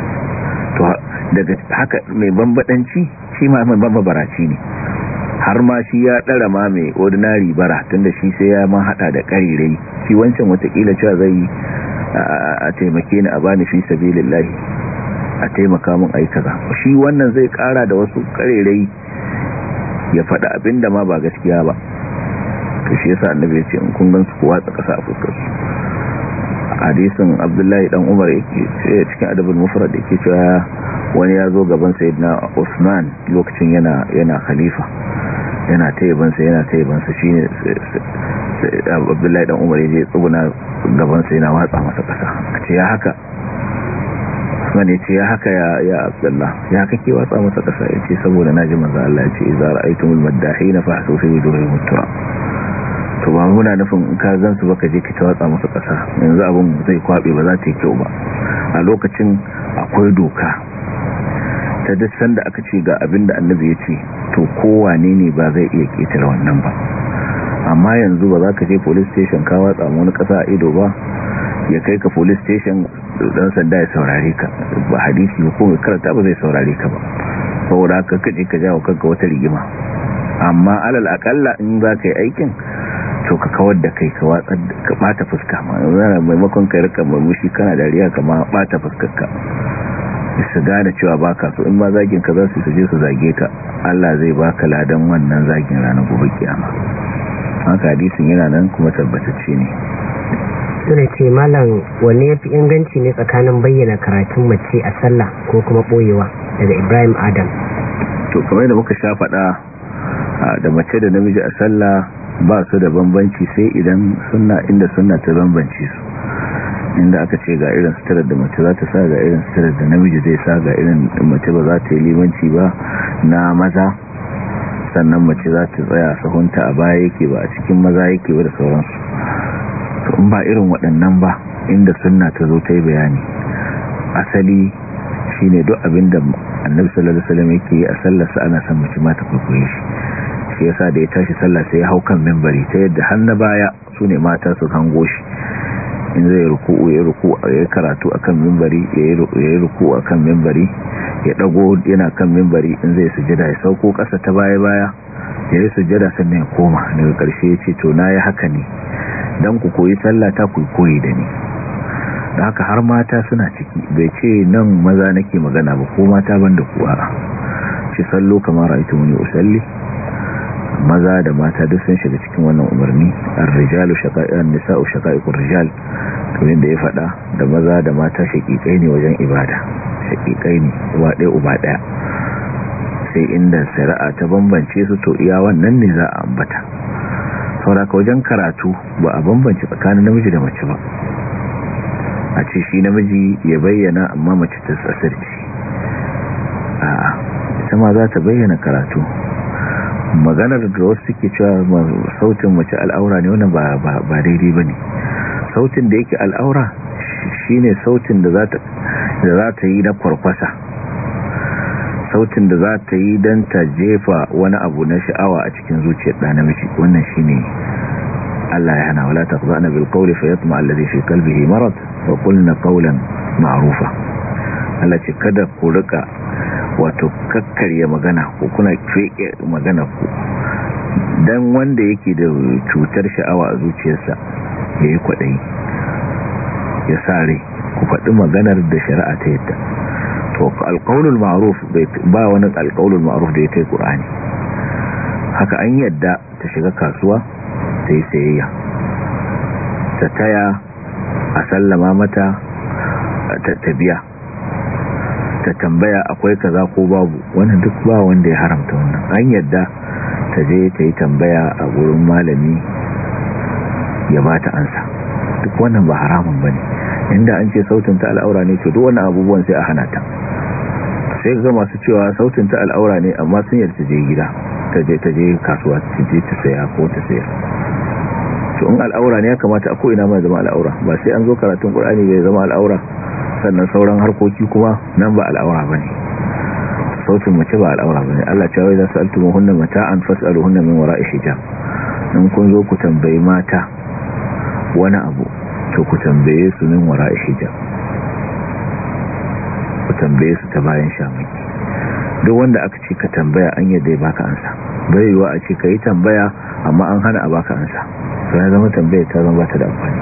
S3: to daga haka mai bambadanci shi ma mai bambabaraci ne har ma shi ya ɗara ma mai ordinary bara tunda shi sai ya ma haɗa da ƙarirai shi wancan watakila cewa zai a taimake ni a bani fi sabilillahi a taimaka mun aika ba shi wannan zai ƙara da wasu ƙarirai ya faɗa abinda ma ba gaskiya ba to shi yasa annabi ya ce in kun gansu ku watsa ƙasa a fuskarsu hadisin abdullahi dan umar yake eh, cikin adabul mufrad yake cewa wani ya zo gaban sayyidina usman lokacin yana yana khalifa yana tayyibansa yana Shi shine abdullahi dan umar ya tsuguna gaban gabansa yana watsa masa kasa a ce ya haka Usman ya ce ya haka ya ya Abdullah ya kake watsa masa kasa ya ce saboda ji manzo Allah ya ce idza na faha fahsu fi wuduhihim mutuwa to ba muna nufin in ka zan su baka je ki ta watsa masa kasa yanzu abun zai kwabe ba za ta yi kyau ba a lokacin akwai doka ta duk sanda aka ce ga abin da annabi ya ce to kowane ne ba zai iya ketare wannan ba amma yanzu ba za ka je police station ka watsa wani kasa a ido ba ya kai ka police station dan sanda ya saurare ka ba hadisi ba kuma karanta ba zai saurare ka ba saboda haka kaje ka jawo kanka wata rigima amma alal akalla in za ka yi aikin to ka kawar da kai ka watsar ka bata fuska ma maimakon ka rika murmushi kana dariya ka ma bata fuskarka su gane cewa baka so in ma zagin ka za su je su zage ka Allah zai baka ladan wannan zagin ranar gobe kiyama haka hadisin yana nan kuma tabbatacce ne
S2: suna ce malam wanne ya fi inganci ne tsakanin bayyana karatun mace a sallah ko kuma boyewa daga ibrahim adam
S3: to kamar da muka sha faɗa da mace da namiji a sallah ba su da bambanci sai idan suna inda suna ta bambanci su inda aka ce ga irin sitarar da mace za ta sa ga irin sitarar da namiji zai sa ga irin mace ba za ta yi limanci ba na maza sannan mace za ta tsaya sahunta a baya yake ba a cikin maza yake ba da sauransu in ba irin waɗannan ba inda suna ta zo ta yi bayani asali shi ne duk abin da annabi sallallahu alaihi wasallam yake yi a sallarsa ana son mace ma ta kwaikwaye shi shi yasa da ya tashi sallah sai ya hau kan mimbari ta yadda har na baya su ne mata su hango shi in zai ruku ya ruku ya karatu akan mimbari ya yi ruku akan mimbari ya dago yana kan mimbari in zai sujada ya sauko kasa ta baya baya ya yi sujada sannan ya koma daga karshe ya ce to na yi haka ne don ku koyi sallah ta ku koyi da ni da haka har mata suna ciki bai ce nan maza nake magana ba ko mata ban da kuwa ce sallo kamar ra'aytu muni usalli maza da mata duk sun shiga cikin wannan umarni ar-rijalu shaqa'an nisa'u shaqa'iqur rijal to yanda ya faɗa, da maza da mata shaqiqai ne wajen ibada shaqiqai ne uba ɗaya uba ɗaya sai inda shari'a ta bambance su to iya wannan ne za a ambata ka wajen karatu ba a bambance tsakanin namiji da mace ba a ce shi namiji ya bayyana amma mace ta tsasirci a ita ma za ta bayyana karatu maganar da wasu suke cewa sautin mace al'aura ne wannan ba daidai ba ne sautin da yake al'aura shi ne sautin da za ta yi na kwarkwasa sautin da za ta yi don ta jefa wani abu na sha'awa a cikin zuciyar ɗa namiji wannan shi ne Allah ya hana wala taqzana bil qawli fa yatma alladhi fi qalbihi marad wa qulna qawlan maarufa Allah ce kada ku rika wato kakkarya magana ko kuna feke magana ku don wanda yake da cutar sha'awa a zuciyarsa yayi kwaɗayi ya sare ku faɗi maganar da shari'a ta yadda to alƙaunul ma'ruf ba wani alƙaunul ma'ruf da ya kai ƙura'ani. haka an yadda ta shiga kasuwa ta yi sayayya ta taya a sallama mata ta biya ta tambaya akwai kaza ko babu wannan duk ba wanda ya haramta wannan an yadda ta je ta yi tambaya a gurin malami ya ba ta ansa duk wannan ba haramun ba ne inda an ce sautin ta al'aura ne to duk wani abubuwan sai a hana ta sai ga masu cewa sautin ta al'aura ne amma sun yarda je gida ta je ta je kasuwa ta je ta saya ko ta saya to in al'aura ne ya kamata a ko'ina mai zama al'aura ba sai an zo karatun qur'ani bai zama al'aura sannan sauran harkoki kuma nan ba al'aura bane sautin mace ba al'aura bane Allah ya wai za su mata hunna fasalu hunna min wara'i hijab in kun zo ku tambayi mata wani abu to ku tambaye su min wara'i hijab ku tambaye su ta bayan shamaki duk wanda aka ce ka tambaya an yadda ya baka ansa bai yiwa a ce ka yi tambaya amma an hana a baka ansa to ya zama tambaya ta zama ta da amfani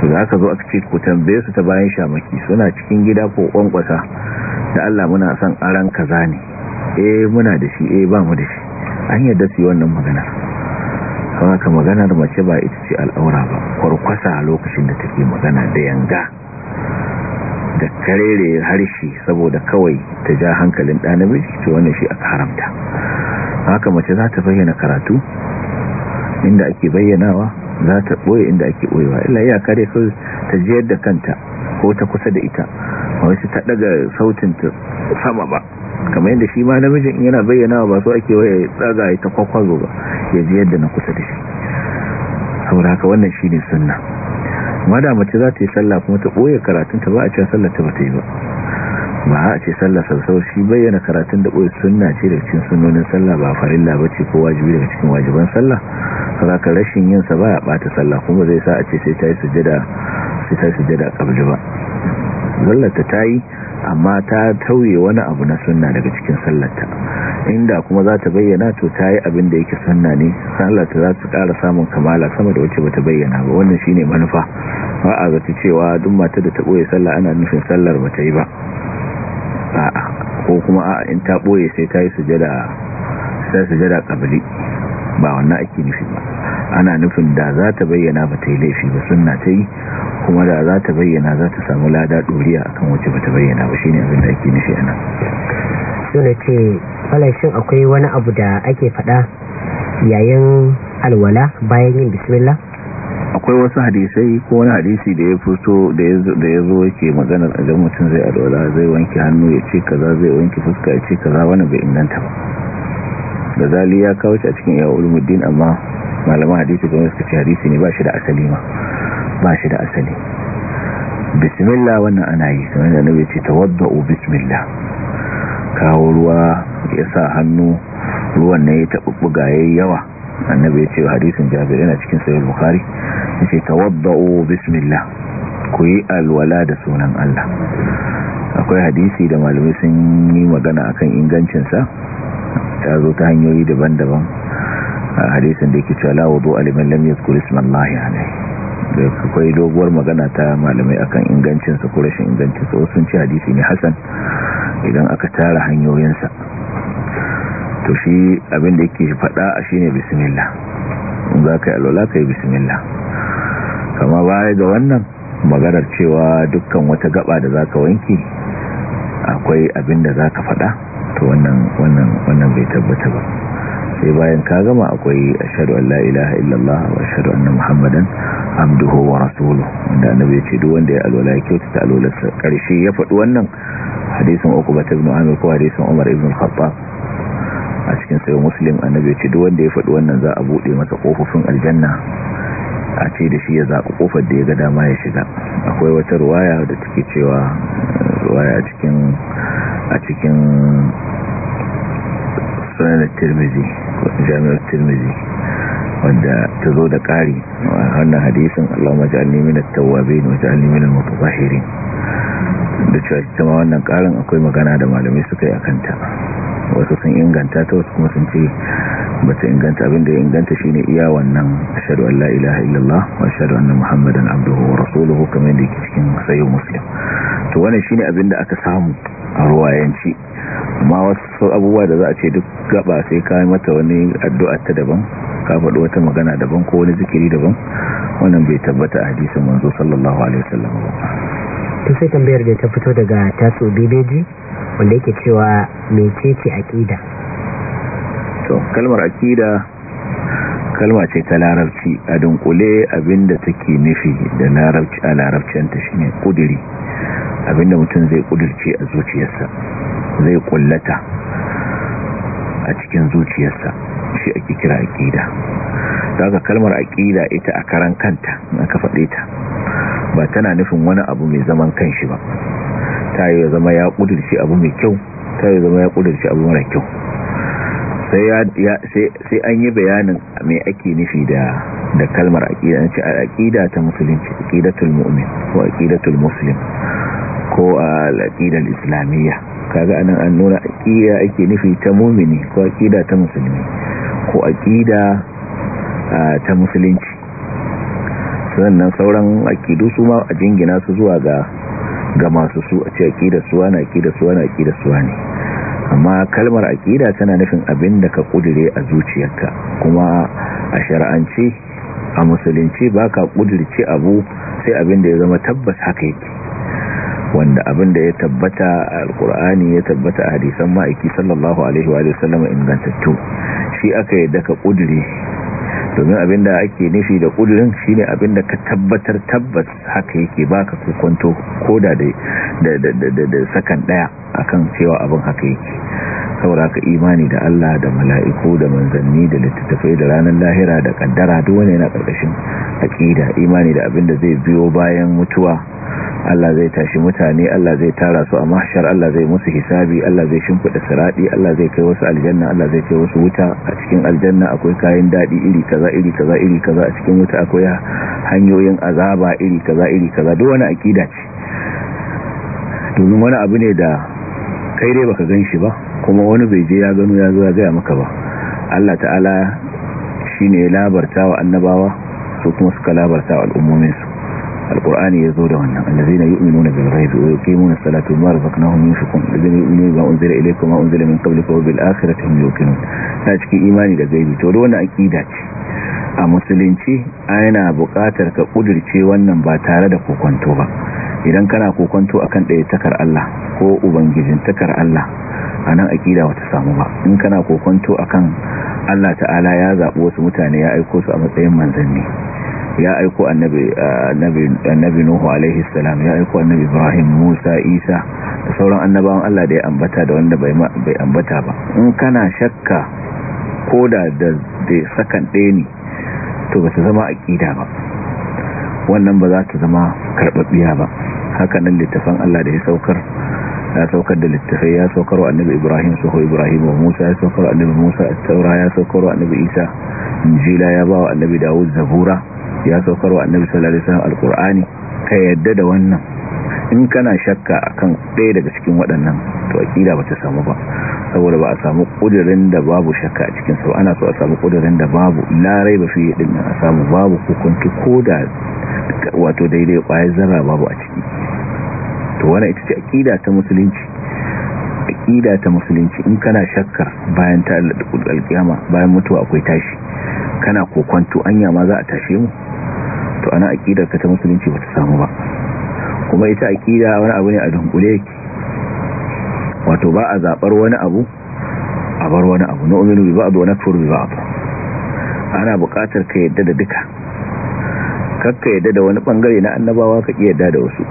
S3: to da aka zo aka ce ku tambaye su ta bayan shamaki suna cikin gida ko kwankwasa da Allah muna son aran kaza ne E, muna da shi eh ba mu da shi an yadda su yi wannan maganar haka maganar mace ba ita ce al'aura ba kwarkwasa lokacin da take magana da yanga da karere harshe saboda kawai ta ja hankalin ɗanabi ce wannan shi aka haramta haka mace za ta bayyana karatu inda ake bayyanawa za ta ɓoye inda ake ɓoyewa illa ya kare kawai ta jiyar da kanta ko ta kusa da ita wasu ta daga sautinta sama ba kamar yadda shi ma namijin yana bayyanawa ba su ake waye tsaga ya ta kwakwazo ba ya ji yadda na kusa da shi saboda haka wannan shi ne sunna amma da mace za ta yi sallah kuma ta ɓoye karatunta ba a ce sallah ta ba yi ba ba a ce sallah sassau shi bayyana karatun da ɓoye sunna ce da cikin sunonin sallah ba farilla ba ce ko wajibi daga cikin wajiban sallah ka rashin yin sa ba ya ɓata sallah kuma zai sa a ce sai ta yi sujada sai ta sujada ba wallata ta yi amma ta tauye wani abu na sunna daga cikin sallarta inda kuma za ta bayyana to ta yi abin da yake sanna ne sallah ta za ta ƙara samun kamala sama da wacce ta bayyana ba wannan shi ne manufa ba a zata cewa duk mata da ta ɓoye sallah ana nufin sallar ba ta yi ba a'a ko kuma a'a in ta ɓoye sai ta yi sujada sai sujada ba wannan ake nufi ba ana nufin da za ta bayyana ba ta yi laifi ba sunna ta yi kuma da za ta bayyana za ta samu lada ɗoriya akan wacce ba ta bayyana ba shine abin da ake nufi ana
S2: sune ce malam shin akwai wani abu da ake faɗa yayin alwala bayan yin bismillah
S3: akwai wasu hadisai ko wani hadisi da ya fito da ya zo yake maganar jan mutum zai alwala zai wanke hannu ya ce kaza zai wanke fuska ya ce kaza wani bai inganta ba da zali ya kawo a cikin yawon ulumuddin amma malaman hadisi kuma suka ce hadisi ne ba shi da asali ma ba shi da asali bismillah wannan ana yi kamar da nabi ce tawadda'u bismillah kawo ruwa ya sa hannu ruwan na ya taɓuɓɓuga ya yawa annabi ya ce hadisin jabir yana cikin sayar bukari ya ce tawadda'o bismillah ku yi alwala da sunan allah akwai hadisi da malamai sun yi magana akan ingancinsa ta zo ta hanyoyi daban-daban a hadisin da yake cewa lawudu alimin lam yadhkur ismallahi alayhi da akwai doguwar magana ta malamai akan ingancinsa ko rashin ingancinsa wasu sun ce hadisi ne Hassan. idan aka tara hanyoyinsa to shi abinda yake faɗa a ne bismillah in za ka yi alwala ka yi bismillah kama baya ga wannan maganar cewa dukkan wata gaba da za ka wanke akwai abinda za ka faɗa to wannan bai tabbata ba sai bayan ka gama akwai ashadu an la ilaha illallah wa ashadu anna muhammadan abduhu wa rasuluhu da annabi ya duk wanda ya alwala ya kyautata alwalarsa karshe ya faɗi wannan hadisin ba ibn amir ko hadisin umar ibn al-khattab a cikin sayo muslim annabi yake duk wanda ya faɗi wannan za a bude masa kofofin aljanna a ce da shi ya zaɓi kofar da ya ga dama ya shiga akwai wata ruwaya da take cewa ruwaya cikin a cikin sunan tirmidhi jami'ar tirmizi wanda ta zo da ƙari a hannun hadisin Allah majalni minar tawabe ne majalni minar mutabahirin da cewa ita ma wannan ƙarin akwai magana da malamai suka yi a kanta wasu sun inganta ta wasu kuma sun ce bata inganta abin da ya inganta shine iya wannan ashhadu an la ilaha illallah wa ashhadu anna muhammadan abduhu wa rasuluhu kamar yadda yake cikin sahih muslim to wannan shine abin da aka samu a ruwayanci amma wasu abubuwa da za a ce duk gaba sai ka mata wani addu'a ta daban ka faɗi wata magana daban ko wani zikiri daban wannan bai tabbata a hadisin manzo sallallahu alaihi wasallam
S2: to sai tambayar da ta fito daga taso bebeji wanda yake cewa mecece aqida
S3: to kalmar akida kalma ce ta larabci a dunkule abinda take nufi da larabci a larabciyanta shine kudiri abinda mutum zai kudirce a zuciyarsa zai kullata a cikin zuciyarsa shi ake kira akida daga kalmar akida ita a karan kanta aka faɗe ta ba tana nufin wani abu mai zaman kan shi ba ta yi zama ya kudirce abu mai kyau ta yi zama ya kudirce abu mara kyau sai an yi bayanin mai ake nufi da da kalmar aqida ce aqida ta musulunci aqidatul mu'min ko aqidatul muslim ko al islamiyya kaga anan an nuna aqida ake nufi ta mu'mini ko aqida ta musulmi ko aqida ta musulunci sannan sauran aqidu su ma a jingina su zuwa ga ga masu su a ce aqida suwa na aqida suwa na aqida suwa ne amma kalmar aƙida tana nufin abin da ka ƙudire a zuciyarka kuma a shari'ance a musulunci baka ƙudirce abu sai abin da ya zama tabbas haka yake wanda abin da ya tabbata a alkur'ani ya tabbata a hadisan ma'aiki sallallahu alaihi wa sallam ingantattu shi aka yadda ka ƙudiri. domin abin da ake nufi da ne shine da ka tabbatar tabbas haka yake baka kokonto koda da da sakan daya akan cewa abin haka yake saboda ka imani da Allah da mala'iku da manzanni da littattafai da ranar lahira da kaddara duk wani yana karkashin aqida imani da abin da zai biyo bayan mutuwa Allah zai tashi mutane Allah zai tara su a mahshar Allah zai musu hisabi Allah zai shimfida siradi Allah zai kai wasu aljanna Allah zai kai wasu wuta a cikin aljanna akwai kayan dadi iri kaza iri kaza iri kaza a cikin wuta akwai hanyoyin azaba iri kaza iri kaza duk wani akida ce domin wani abu ne da kai dai baka gan shi ba kuma wani bai je ya gano ya zo ya gaya maka ba Allah ta'ala shine ya labarta wa annabawa su kuma suka labarta wa su. alqur'ani yazo da wannan allazina yu'minuna bil ghaibi wa yuqimuna as-salata wa mimma razaqnahum yunfiqun allazina yu'minuna bima unzila ilaykum wa unzila min qablikum wa bil akhirati hum yuqinun ta cikin imani da gaibi to wannan akida ce a musulunci ana buƙatar ka kudirce wannan ba tare da kokonto ba idan kana kokonto akan ɗaya takar Allah ko ubangijin takar Allah anan akida wata samu ba in kana kokonto akan Allah ta'ala ya zaɓi wasu mutane ya aiko su a matsayin manzanni ya aiko annabi annabi nuhu alaihi salam ya aiko annabi ibrahim musa isa da sauran annabawan Allah da ya ambata da wanda bai ambata ba in kana shakka koda da da sakan ɗaya ne to ba ta zama ƙida ba wannan ba za ta zama karɓaɓɓiya ba haka nan littafin Allah da ya saukar ya saukar da littafai ya saukar wa annabi ibrahim su ibrahim wa musa ya saukar wa annabi musa a taura ya saukar wa annabi isa jila ya ba wa annabi dawud zabura ya saukar wa annabi sallallahu al ka yadda da wannan in kana shakka akan ɗaya daga cikin waɗannan to ba bata samu ba saboda ba a samu ƙudurin da babu shakka a cikin sau ana so a samu kudirin da babu larai ba fiye ɗin a samu babu hukunci ko da wato daidai ƙwayar zara babu a ciki to wani ita ce aqida ta musulunci aqida ta musulunci in kana shakkar bayan ta alƙiyama bayan mutuwa akwai tashi kana kokwanto anya ma za a tashe mu to ana aƙidar ka ta musulunci ba ta samu ba kuma ita aqida wani abu ne a dunkule yake wato ba a zabar wani abu a bar wani abu na uminu bi abu na turbi ba ba'd ana buƙatar ka yadda da duka kakka yadda da wani bangare na annabawa ka ƙi yadda da wasu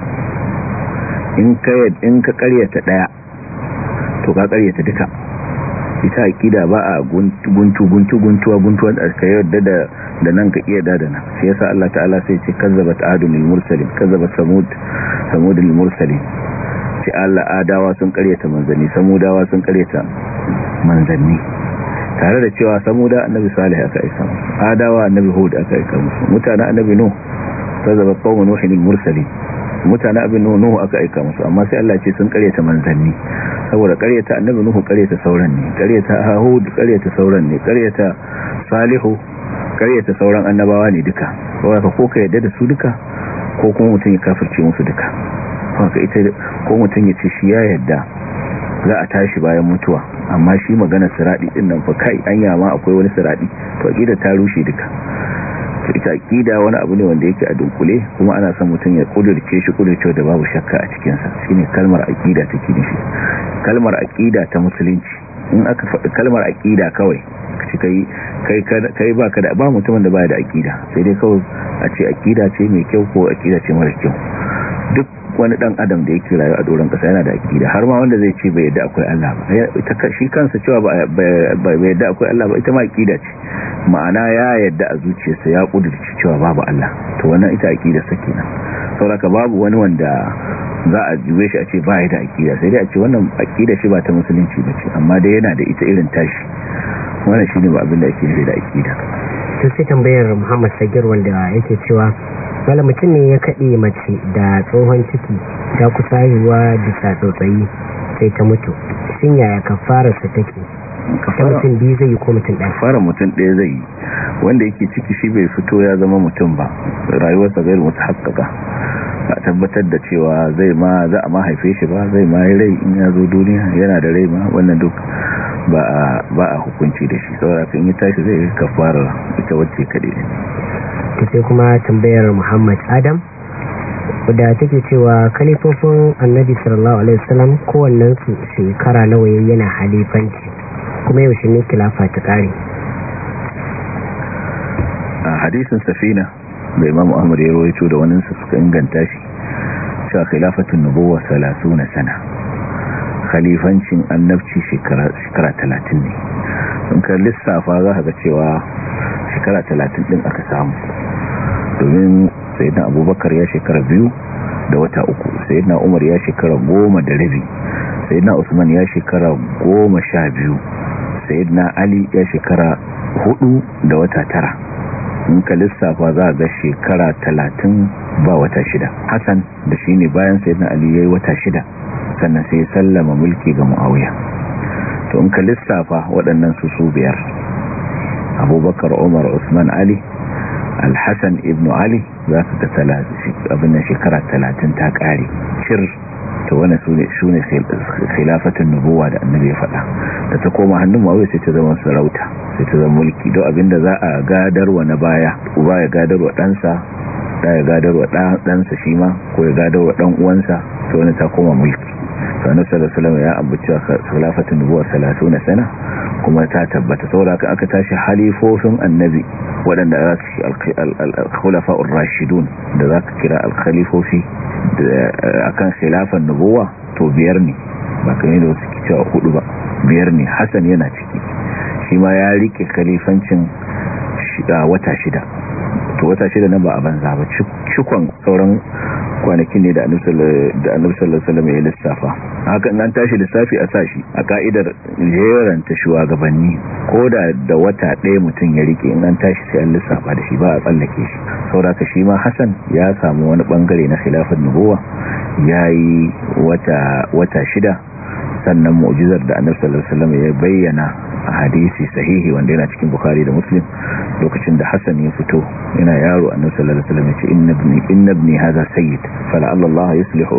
S3: in ka in ka karyata daya to ka karyata duka ita akida ba a guntu guntu guntuwa guntu da ka yarda da da nan ka iya da nan shi yasa Allah ta'ala sai ce kazzabat adun lil mursalin kazzabat samud samud lil mursalin sai Allah adawa sun karyata manzanni samudawa sun karyata manzanni tare da cewa samuda annabi salih aka aika adawa annabi hud aka isa musu mutanen annabi nuh kazzabat qaumun nuhin lil mursalin mutane abin nuhu aka aika musu amma sai Allah ce sun karyata manzanni saboda karyata annabi nuhu karyata sauran ne karyata ahud karyata sauran ne karyata salihu karyata sauran annabawa ne duka saboda ko ka yadda da su duka ko kuma mutum ya kafirce musu duka haka ita ko mutum ya ce shi ya yadda za a tashi bayan mutuwa amma shi magana siradi din nan fa kai an yama akwai wani siradi to gida ta rushe duka ita kida wani abu ne wanda yake a dunkule kuma ana son mutum ya kudurke shi kudurce da babu shakka a cikin sa shine kalmar ta take shi kalmar akida ta musulunci in aka faɗi kalmar akida kawai kai kai kai da ba mutumin da baya da akida sai dai kawai a ce akida ce mai kyau ko akida ce mara kyau duk wani dan adam da yake rayu a doron kasa yana da akida har ma wanda zai ce bai yadda akwai Allah ba ita shi kansa cewa bai yadda akwai Allah ba ita ma akida ce ma'ana ya yadda a zuciyarsa ya kudurci cewa babu Allah to wannan ita akida sa kenan saboda babu wani wanda za a juye shi a ce ba da akida sai dai a ce wannan akida shi ba ta musulunci ba ce amma dai yana da ita irin tashi wannan shine ba abin da ake da
S2: akida to sai tambayar Muhammad Sagir wanda yake cewa wala mutum ne ya kaɗe mace da tsohon ciki ta kusa haihuwa bisa tsotsayi sai ta mutu shin yaya su take kafar mutum biyu zai yi ko mutum ɗaya
S3: kafara mutum ɗaya zai yi wanda yake ciki shi bai fito ya zama mutum ba rayuwarsa zai mutu haskaka a tabbatar da cewa zai ma za a mahaife shi ba zai ma yi rai in ya zo duniya yana da rai ma wannan duk ba a hukunci da shi saboda kan yi tashi zai yi kafarar ita wacce kaɗai
S2: to sai kuma tambayar muhammad adam da take cewa kalifofin annabi sallallahu alaihi wasallam kowannen su shekara nawa yana halifanci kuma yaushe ne kilafa ta kare
S3: a hadisin safina da imam ya rawaito da wani su suka inganta shi cewa khilafatun nubuwa na sana khalifancin annabci shekara talatin ne in ka lissafa za ka ga cewa shekara talatin din aka samu domin na abubakar ya shekara biyu da wata uku na umar ya shekara goma da rabi na usman ya shekara goma sha biyu na ali ya shekara hudu da wata tara in ka lissafa za a ga shekara talatin ba wata shida hassan da shi ne bayan na ali ya yi wata shida sannan sai sallama mulki ga ma'auya to in ka lissafa waɗannan su su biyar abubakar umar usman ali alhassan ibn ali za su ta abin shekara talatin ta ƙare shir ta wani su ne nubuwa da annabi ya faɗa da ta koma hannun mawai sai ta zama sarauta sai ta zama mulki don abinda za a gadarwa na baya uba ya gadarwa ɗansa ɗa ya gadarwa ɗansa shi ma ko ya gadarwa ɗan uwansa ta wani ta koma mulki sanu salasalama ya ambaci khilafatin nubuwa salatuna sana kuma ta tabbata saboda kan aka tashi halifofin annabi waɗanda za su al-khulafa ar-rashidun da za ka kira al-khalifofi eh, akan khilafan nubuwa to biyar ne ba kamar da wasu cewa hudu ba biyar ne hasan yana ciki shi ma ya rike khalifancin ah, wata shida to wata shida na ba a banza ba cikon sauran kwanakin ne da annabi sallallahu alaihi ya lissafa hakan an tashi lissafi a sashi a ka'idar jeranta shugabanni ko da da wata ɗaya mutum ya rike in an tashi sai an lissafa da shi ba a tsallake shi sauraka shi ma hasan ya samu wani bangare na khilafat nubuwa yayi yi wata shida sannan mu'jizar da annabi sallallahu alaihi wasallam ya bayyana a hadisi sahihi wanda yana cikin bukhari da muslim lokacin da hasan ya fito yana yaro annabi sallallahu alaihi wasallam ya ce inna ibni inna ibni hadha sayyid fala allah yuslihu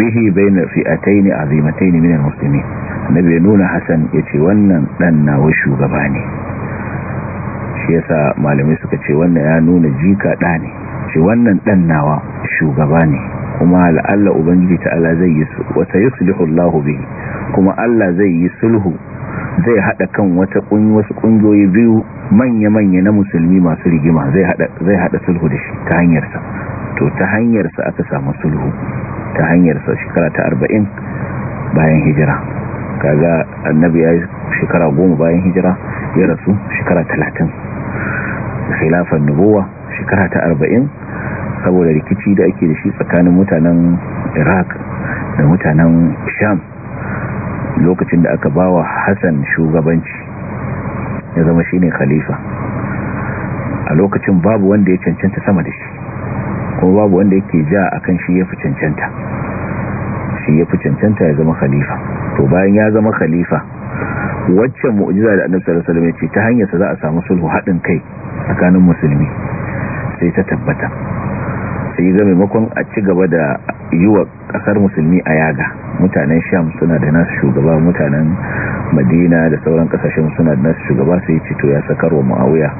S3: bihi bayna fi'atayn azimatayn min almuslimin annabi nuna hasan yace wannan dan nawa shugaba ne shi yasa malamai suka ce wannan ya nuna jika da ne ce wannan dan nawa shugaba ne kuma la'alla ubangiji ta'ala zai yi wata yuslihu Allahu bihi kuma Allah zai yi sulhu zai hada kan wata kunyi wasu kungiyoyi biyu manya-manya na musulmi masu rigima zai hada zai hada sulhu da shi ta hanyar sa to ta hanyar sa aka samu sulhu ta hanyar sa shekara ta 40 bayan hijira kaga annabi ya shekara 10 bayan hijira ya rasu shekara 30 khilafan nubuwa shekara ta saboda rikici da ake da shi tsakanin mutanen iraq da mutanen sham lokacin da aka ba wa hassan shugabanci ya zama shi ne khalifa a lokacin babu wanda ya cancanta sama da shi kuma babu wanda yake ja akan shi ya fi cancanta shi ya fi cancanta ya zama khalifa to bayan ya zama khalifa waccan mu'jiza da annabi sallallahu ya ce ta hanyar sa za a samu sulhu haɗin kai tsakanin musulmi sai ta tabbata sai ga maimakon a ci gaba da yi wa kasar musulmi a yaga mutanen sham suna da nasu shugaba mutanen madina da sauran kasashen suna da nasu shugaba sai cito ya wa ma'auya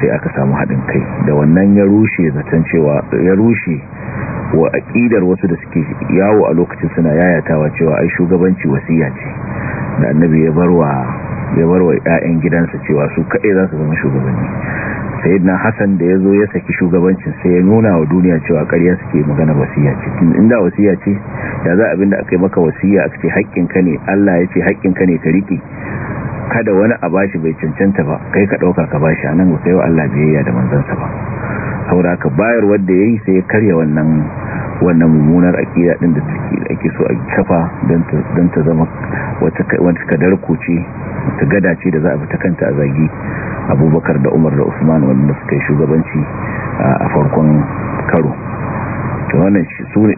S3: sai aka samu haɗin kai da wannan ya rushe zaton cewa ya rushe wa aƙidar wasu da suke yawo a lokacin suna yayatawa cewa ai shugabanci wasiya ce da annabi ya bar wa ya wa 'ya'yan gidansa cewa su kaɗai za su zama shugabanni na hassan da ya zo ya saki shugabancin sai ya nuna wa duniya cewa ƙarya suke magana wasiya ce inda wasiya ce da za abinda aka yi maka wasiya a ce haƙƙinka ne Allah ya ce haƙƙinka ne ka rike? kada wani a bashi bai cancanta ba kai ka ɗauka ka bashi a nan ba kai wa Allah biyayya da manzansa ba saboda ka bayar wanda ya yi sai ya karya wannan wannan mummunar aƙida ɗin da ake so a kafa don ta zama wata kadar kuce ta gada ce da za a fita kanta a zagi abubakar da umar da usman wanda suka yi shugabanci a farkon karo ta wannan su ne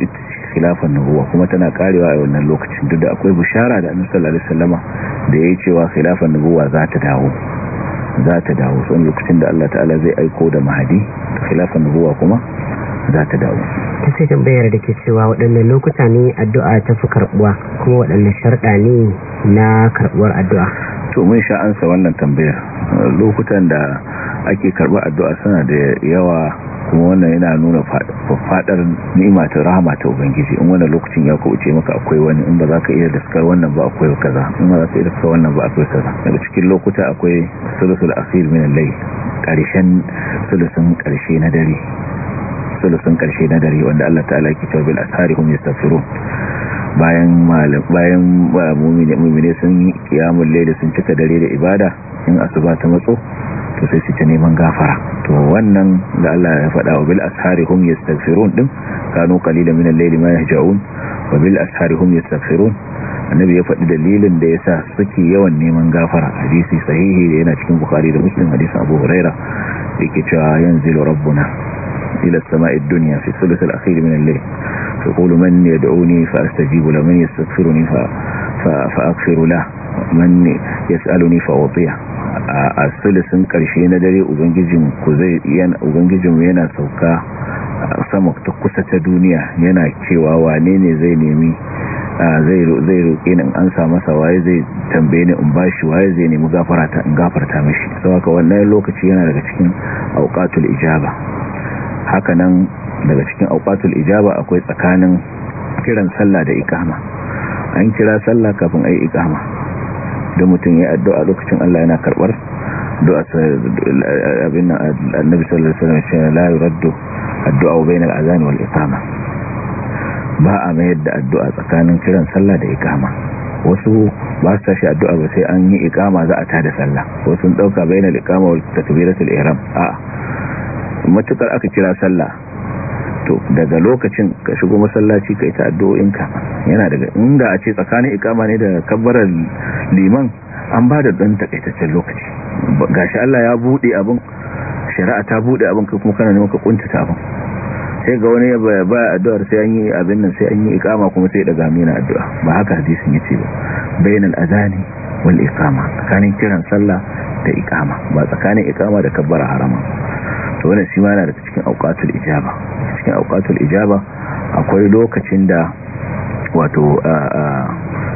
S3: khilafan nubuwa kuma tana karewa a wannan lokacin duk da akwai bishara da annabi sallallahu alaihi wasallama da yayi cewa khilafan nubuwa za ta dawo za ta dawo lokacin da Allah ta'ala zai aiko da mahadi khilafan nubuwa kuma za ta dawo
S2: ta sai tambayar da ke cewa waɗanne lokuta ne addu'a ta fi karɓuwa kuma waɗanne sharɗa ne na karbuwar addu'a
S3: to mun sha ansa wannan tambayar lokutan da ake karba addu'a sana da yawa kuma wannan yana nuna fadar ni'ima ta rahama ta ubangiji in wannan lokacin ya kuce maka akwai wani in ba za ka iya daskar wannan ba akwai kaza in ba za ka iya daskar wannan ba akwai kaza daga cikin lokuta akwai sulusul asir min al-layl karshen sulusun karshe na dare sulusun karshe na dare wanda Allah ta'ala ke cewa bil asharihum yastaghfirun bayan malam bayan mu'mini mu'mini sun kiyamun laida sun cika dare da ibada in asuba ta matso to sai su ta neman gafara to wannan da Allah ya faɗa wa bil ashari hum yastaghfirun din kanu qalilan min al-layli ma yahja'un wa bil ashari hum yastaghfirun annabi ya faɗi dalilin da yasa suke yawan neman gafara hadisi sahihi da yana cikin bukhari da muslim hadisi abu huraira yake cewa yanzilu rabbuna إلى السماء الدنيا في الثلث الأخير من الليل يقول من يدعوني فأستجيب له من يستغفرني فأغفر له man yas'aluni fa watiya a sulusin karshe na dare ubangijin yana sauka sama ta kusa ta duniya yana cewa wane ne zai nemi zai zai ni in an sa masa waye zai tambaye ni in bashi waye zai nemi gafarta in gafarta mishi saboda wannan lokaci yana daga cikin auqatul ijaba Haka nan, daga cikin auqatul ijaba akwai tsakanin kiran sallah da ikama an kira sallah kafin ai ikama da mutum ya addu'a lokacin Allah yana karbar du'a abin annabi sallallahu alaihi wasallam ya la addu'a bainal azan wal iqama ba a mayar da addu'a tsakanin kiran sallah da ikama wasu ba su tashi addu'a ba sai an yi ikama za a tada sallah Wasu sun dauka bainal ikama wal takbiratul ihram a matukar aka kira sallah to daga lokacin ka shigo masallaci ka ita addu'o'inka yana daga inda a ce tsakanin ikama ne da kabbaran liman an ba da ɗan takaitaccen lokaci gashi Allah ya buɗe abin shari'a ta buɗe abin kai kuma kana neman ka kuntata abin sai ga wani ya ba addu'ar sai an yi abin nan sai an yi ikama kuma sai daga mina addu'a ba haka hadisin yace ba bainal azani wal iqama tsakanin kiran sallah da ikama ba tsakanin ikama da kabbara harama to wannan shi ma yana daga cikin auqatul ijaba cikin auqatul ijaba akwai lokacin da wato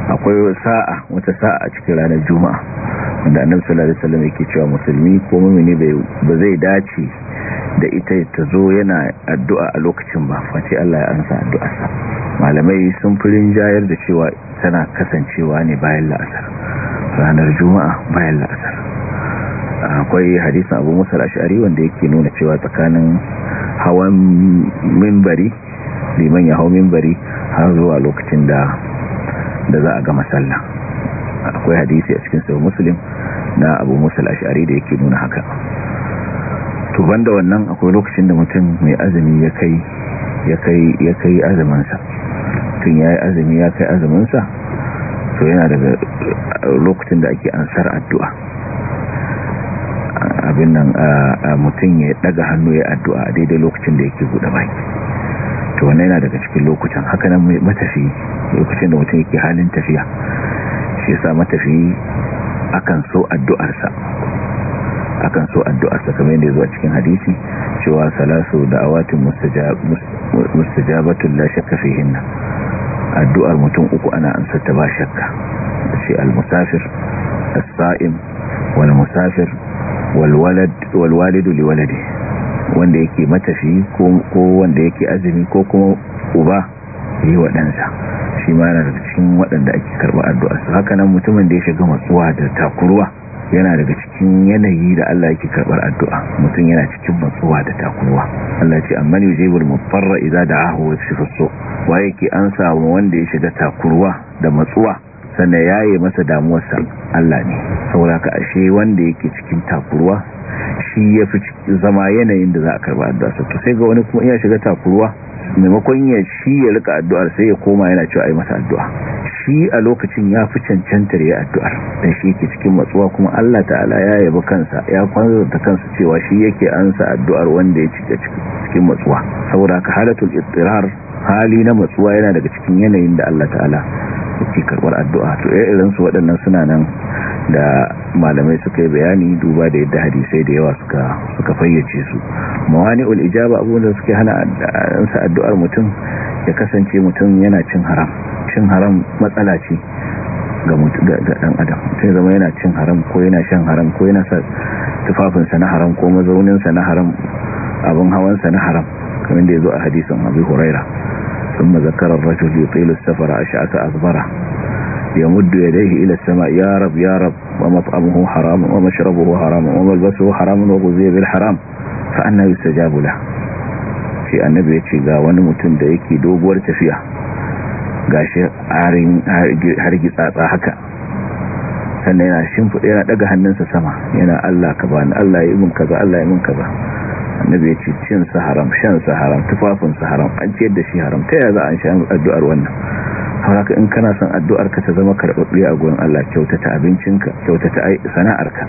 S3: akwai sa'a wata sa'a cikin ranar juma'a wanda annabi sallallahu alaihi wasallam yake cewa musulmi ko mumini ba zai dace da ita ta zo yana addu'a a lokacin ba face Allah ya ansa addu'arsa malamai sun furin jayar da cewa tana kasancewa ne bayan la'asar ranar juma'a bayan la'asar akwai hadisin abu musa ashari wanda yake nuna cewa tsakanin hawan mimbari liman ya hau mimbari har zuwa lokacin da za a ga sallah akwai hadisi a cikin sau musulun na abu musa ashari da yake nuna haka to da wannan akwai lokacin da mutum mai azumi ya kai azuminsa, tun ya yi azumi ya kai azuminsa to yana daga eh, lokacin da ake ansar addu'a abin nan mutum ya daga hannu ya addu'a a daidai lokacin da yake buɗe baki to wannan yana daga cikin lokacin haka nan matafi lokacin da mutum yake halin tafiya shi sa matafi akan so addu'arsa akan so addu'arsa kamar yadda zuwa cikin hadisi cewa salasu da mustajabatun la shakka fihinna addu'ar mutum uku ana ansar ta ba shakka shi al-musafir as wal musafir walwalidu liwalade wanda yake matafi ko wanda yake azumi ko kuma uba yi wa shi ma yana daga cikin waɗanda ake karɓar addu'a su haka nan mutumin da ya shiga matsuwa da takurwa yana daga cikin yanayi da Allah yake karɓar addu'a mutum yana cikin matsuwa da takurwa Allah ce amma ne farra mutarra da da'ahu wa yashfu su waye yake ansa samu wanda ya shiga takurwa da matsuwa sannan ya yi masa damuwarsa Allah ne saboda ka ashe wanda yake cikin takurwa shi ya fi zama yanayin da za a karba addu'ar sa sai ga wani kuma iya shiga takurwa maimakon ya shi ya rika addu'ar sai ya koma yana cewa ai masa addu'a shi a lokacin ya fi cancantar ya addu'ar dan shi yake cikin matsuwa kuma Allah ta'ala ya yaba kansa ya ta kansa cewa shi yake ansa addu'ar wanda ya cika cikin matsuwa saboda ka halatul ittirar hali na matsuwa yana daga cikin yanayin da Allah ta'ala yake karbar addu'a to eh irin su waɗannan suna nan da malamai suka yi bayani duba da yadda hadisai da yawa suka suka fayyace su ul ijaba abun da suke hana sa addu'ar mutum ya kasance mutum yana cin haram cin haram matsala ce ga dan adam sai zama yana cin haram ko yana shan haram ko yana sa tufafinsa na haram ko mazauninsa na haram abin hawansa na haram kamar da ya zo a hadisin abu huraira sun mazakarar rajul ila sama ash'asa azbara ya يديه إلى السماء يا wa يا haram ومطعمه حرام ومشربه wa وملبسه حرام وغذي بالحرام فأنا يستجاب له shi annabi ya ce ga wani mutum da yake doguwar tafiya ga shi hargi tsatsa haka sannan yana shimfiɗa yana ɗaga hannunsa sama yana Allah ka bani Allah ya yi min kaza Allah ya yi min kaza annabi ya ce cin sa haram shan sa haram tufafin sa haram an ce da shi haram ta yaya za a sha addu'ar wannan haka in kana son addu'ar ka ta zama karɓaɓɓiya a gurin Allah kyautata abincinka kyautata sana'arka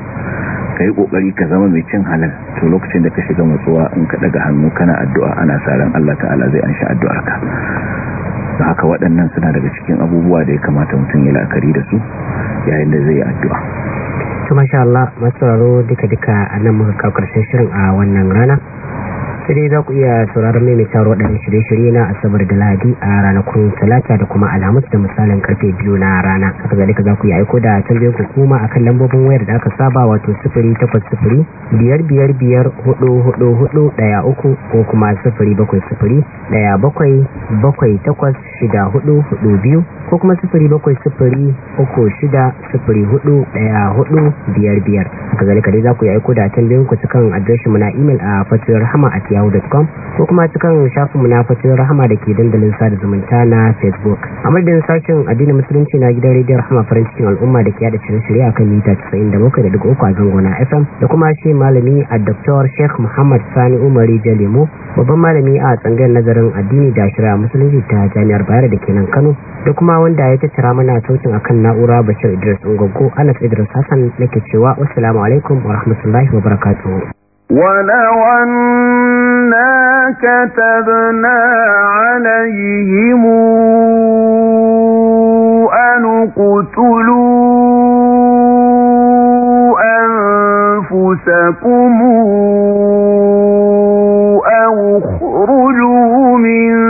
S3: ka yi kokari ka zama mai cin halal to lokacin da ka shiga matsuwa in ka daga hannu kana addu'a ana sa ran Allah ta'ala zai ansha addu'arka don haka waɗannan suna daga cikin abubuwa da ya kamata mutum ya la'akari da su
S2: yayin da zai yi addu'a to masha Allah masu duka-duka a nan muka kawo karshen shirin a wannan rana sai dai za ku iya sauraron maimaitar waɗannan shirye-shirye na asabar da ladi a ranakun talata da kuma alhamis da misalin karfe biyu na rana haka ka za ku yi aiko da tambayin ku kuma akan lambobin wayar da aka saba wato sufuri takwas sufuri biyar biyar biyar hudu hudu hudu ɗaya uku ko kuma sufuri bakwai sufuri ɗaya bakwai bakwai takwas shida hudu hudu biyu ko kuma sufuri bakwai sufuri uku shida sufuri hudu ɗaya hudu biyar biyar haka zalika dai za ku yi aiko da tambayin kan cikin mu na imel a fatiyar hama a yahoo.com ko kuma cikin shafin na fatin rahama da ke dandalin sada zumunta na facebook a madadin sashen addinin musulunci na gidan rediyon rahama farin cikin al'umma da ke yada shirye-shirye kan mita uku a zangona fm da kuma shi malami a dr sheikh muhammad sani umar umari lemo babban malami a tsangayar nazarin addini da shirya musulunci ta jami'ar bayar da kenan kano da kuma wanda ya tattara mana sautin akan na'ura bashir idris ungogo anas idris hassan nake cewa wasu alaikum wa rahmatullahi wa barakatuhu
S1: ولو كتبنا عليهم أن اقتلوا أنفسكم أو اخرجوا من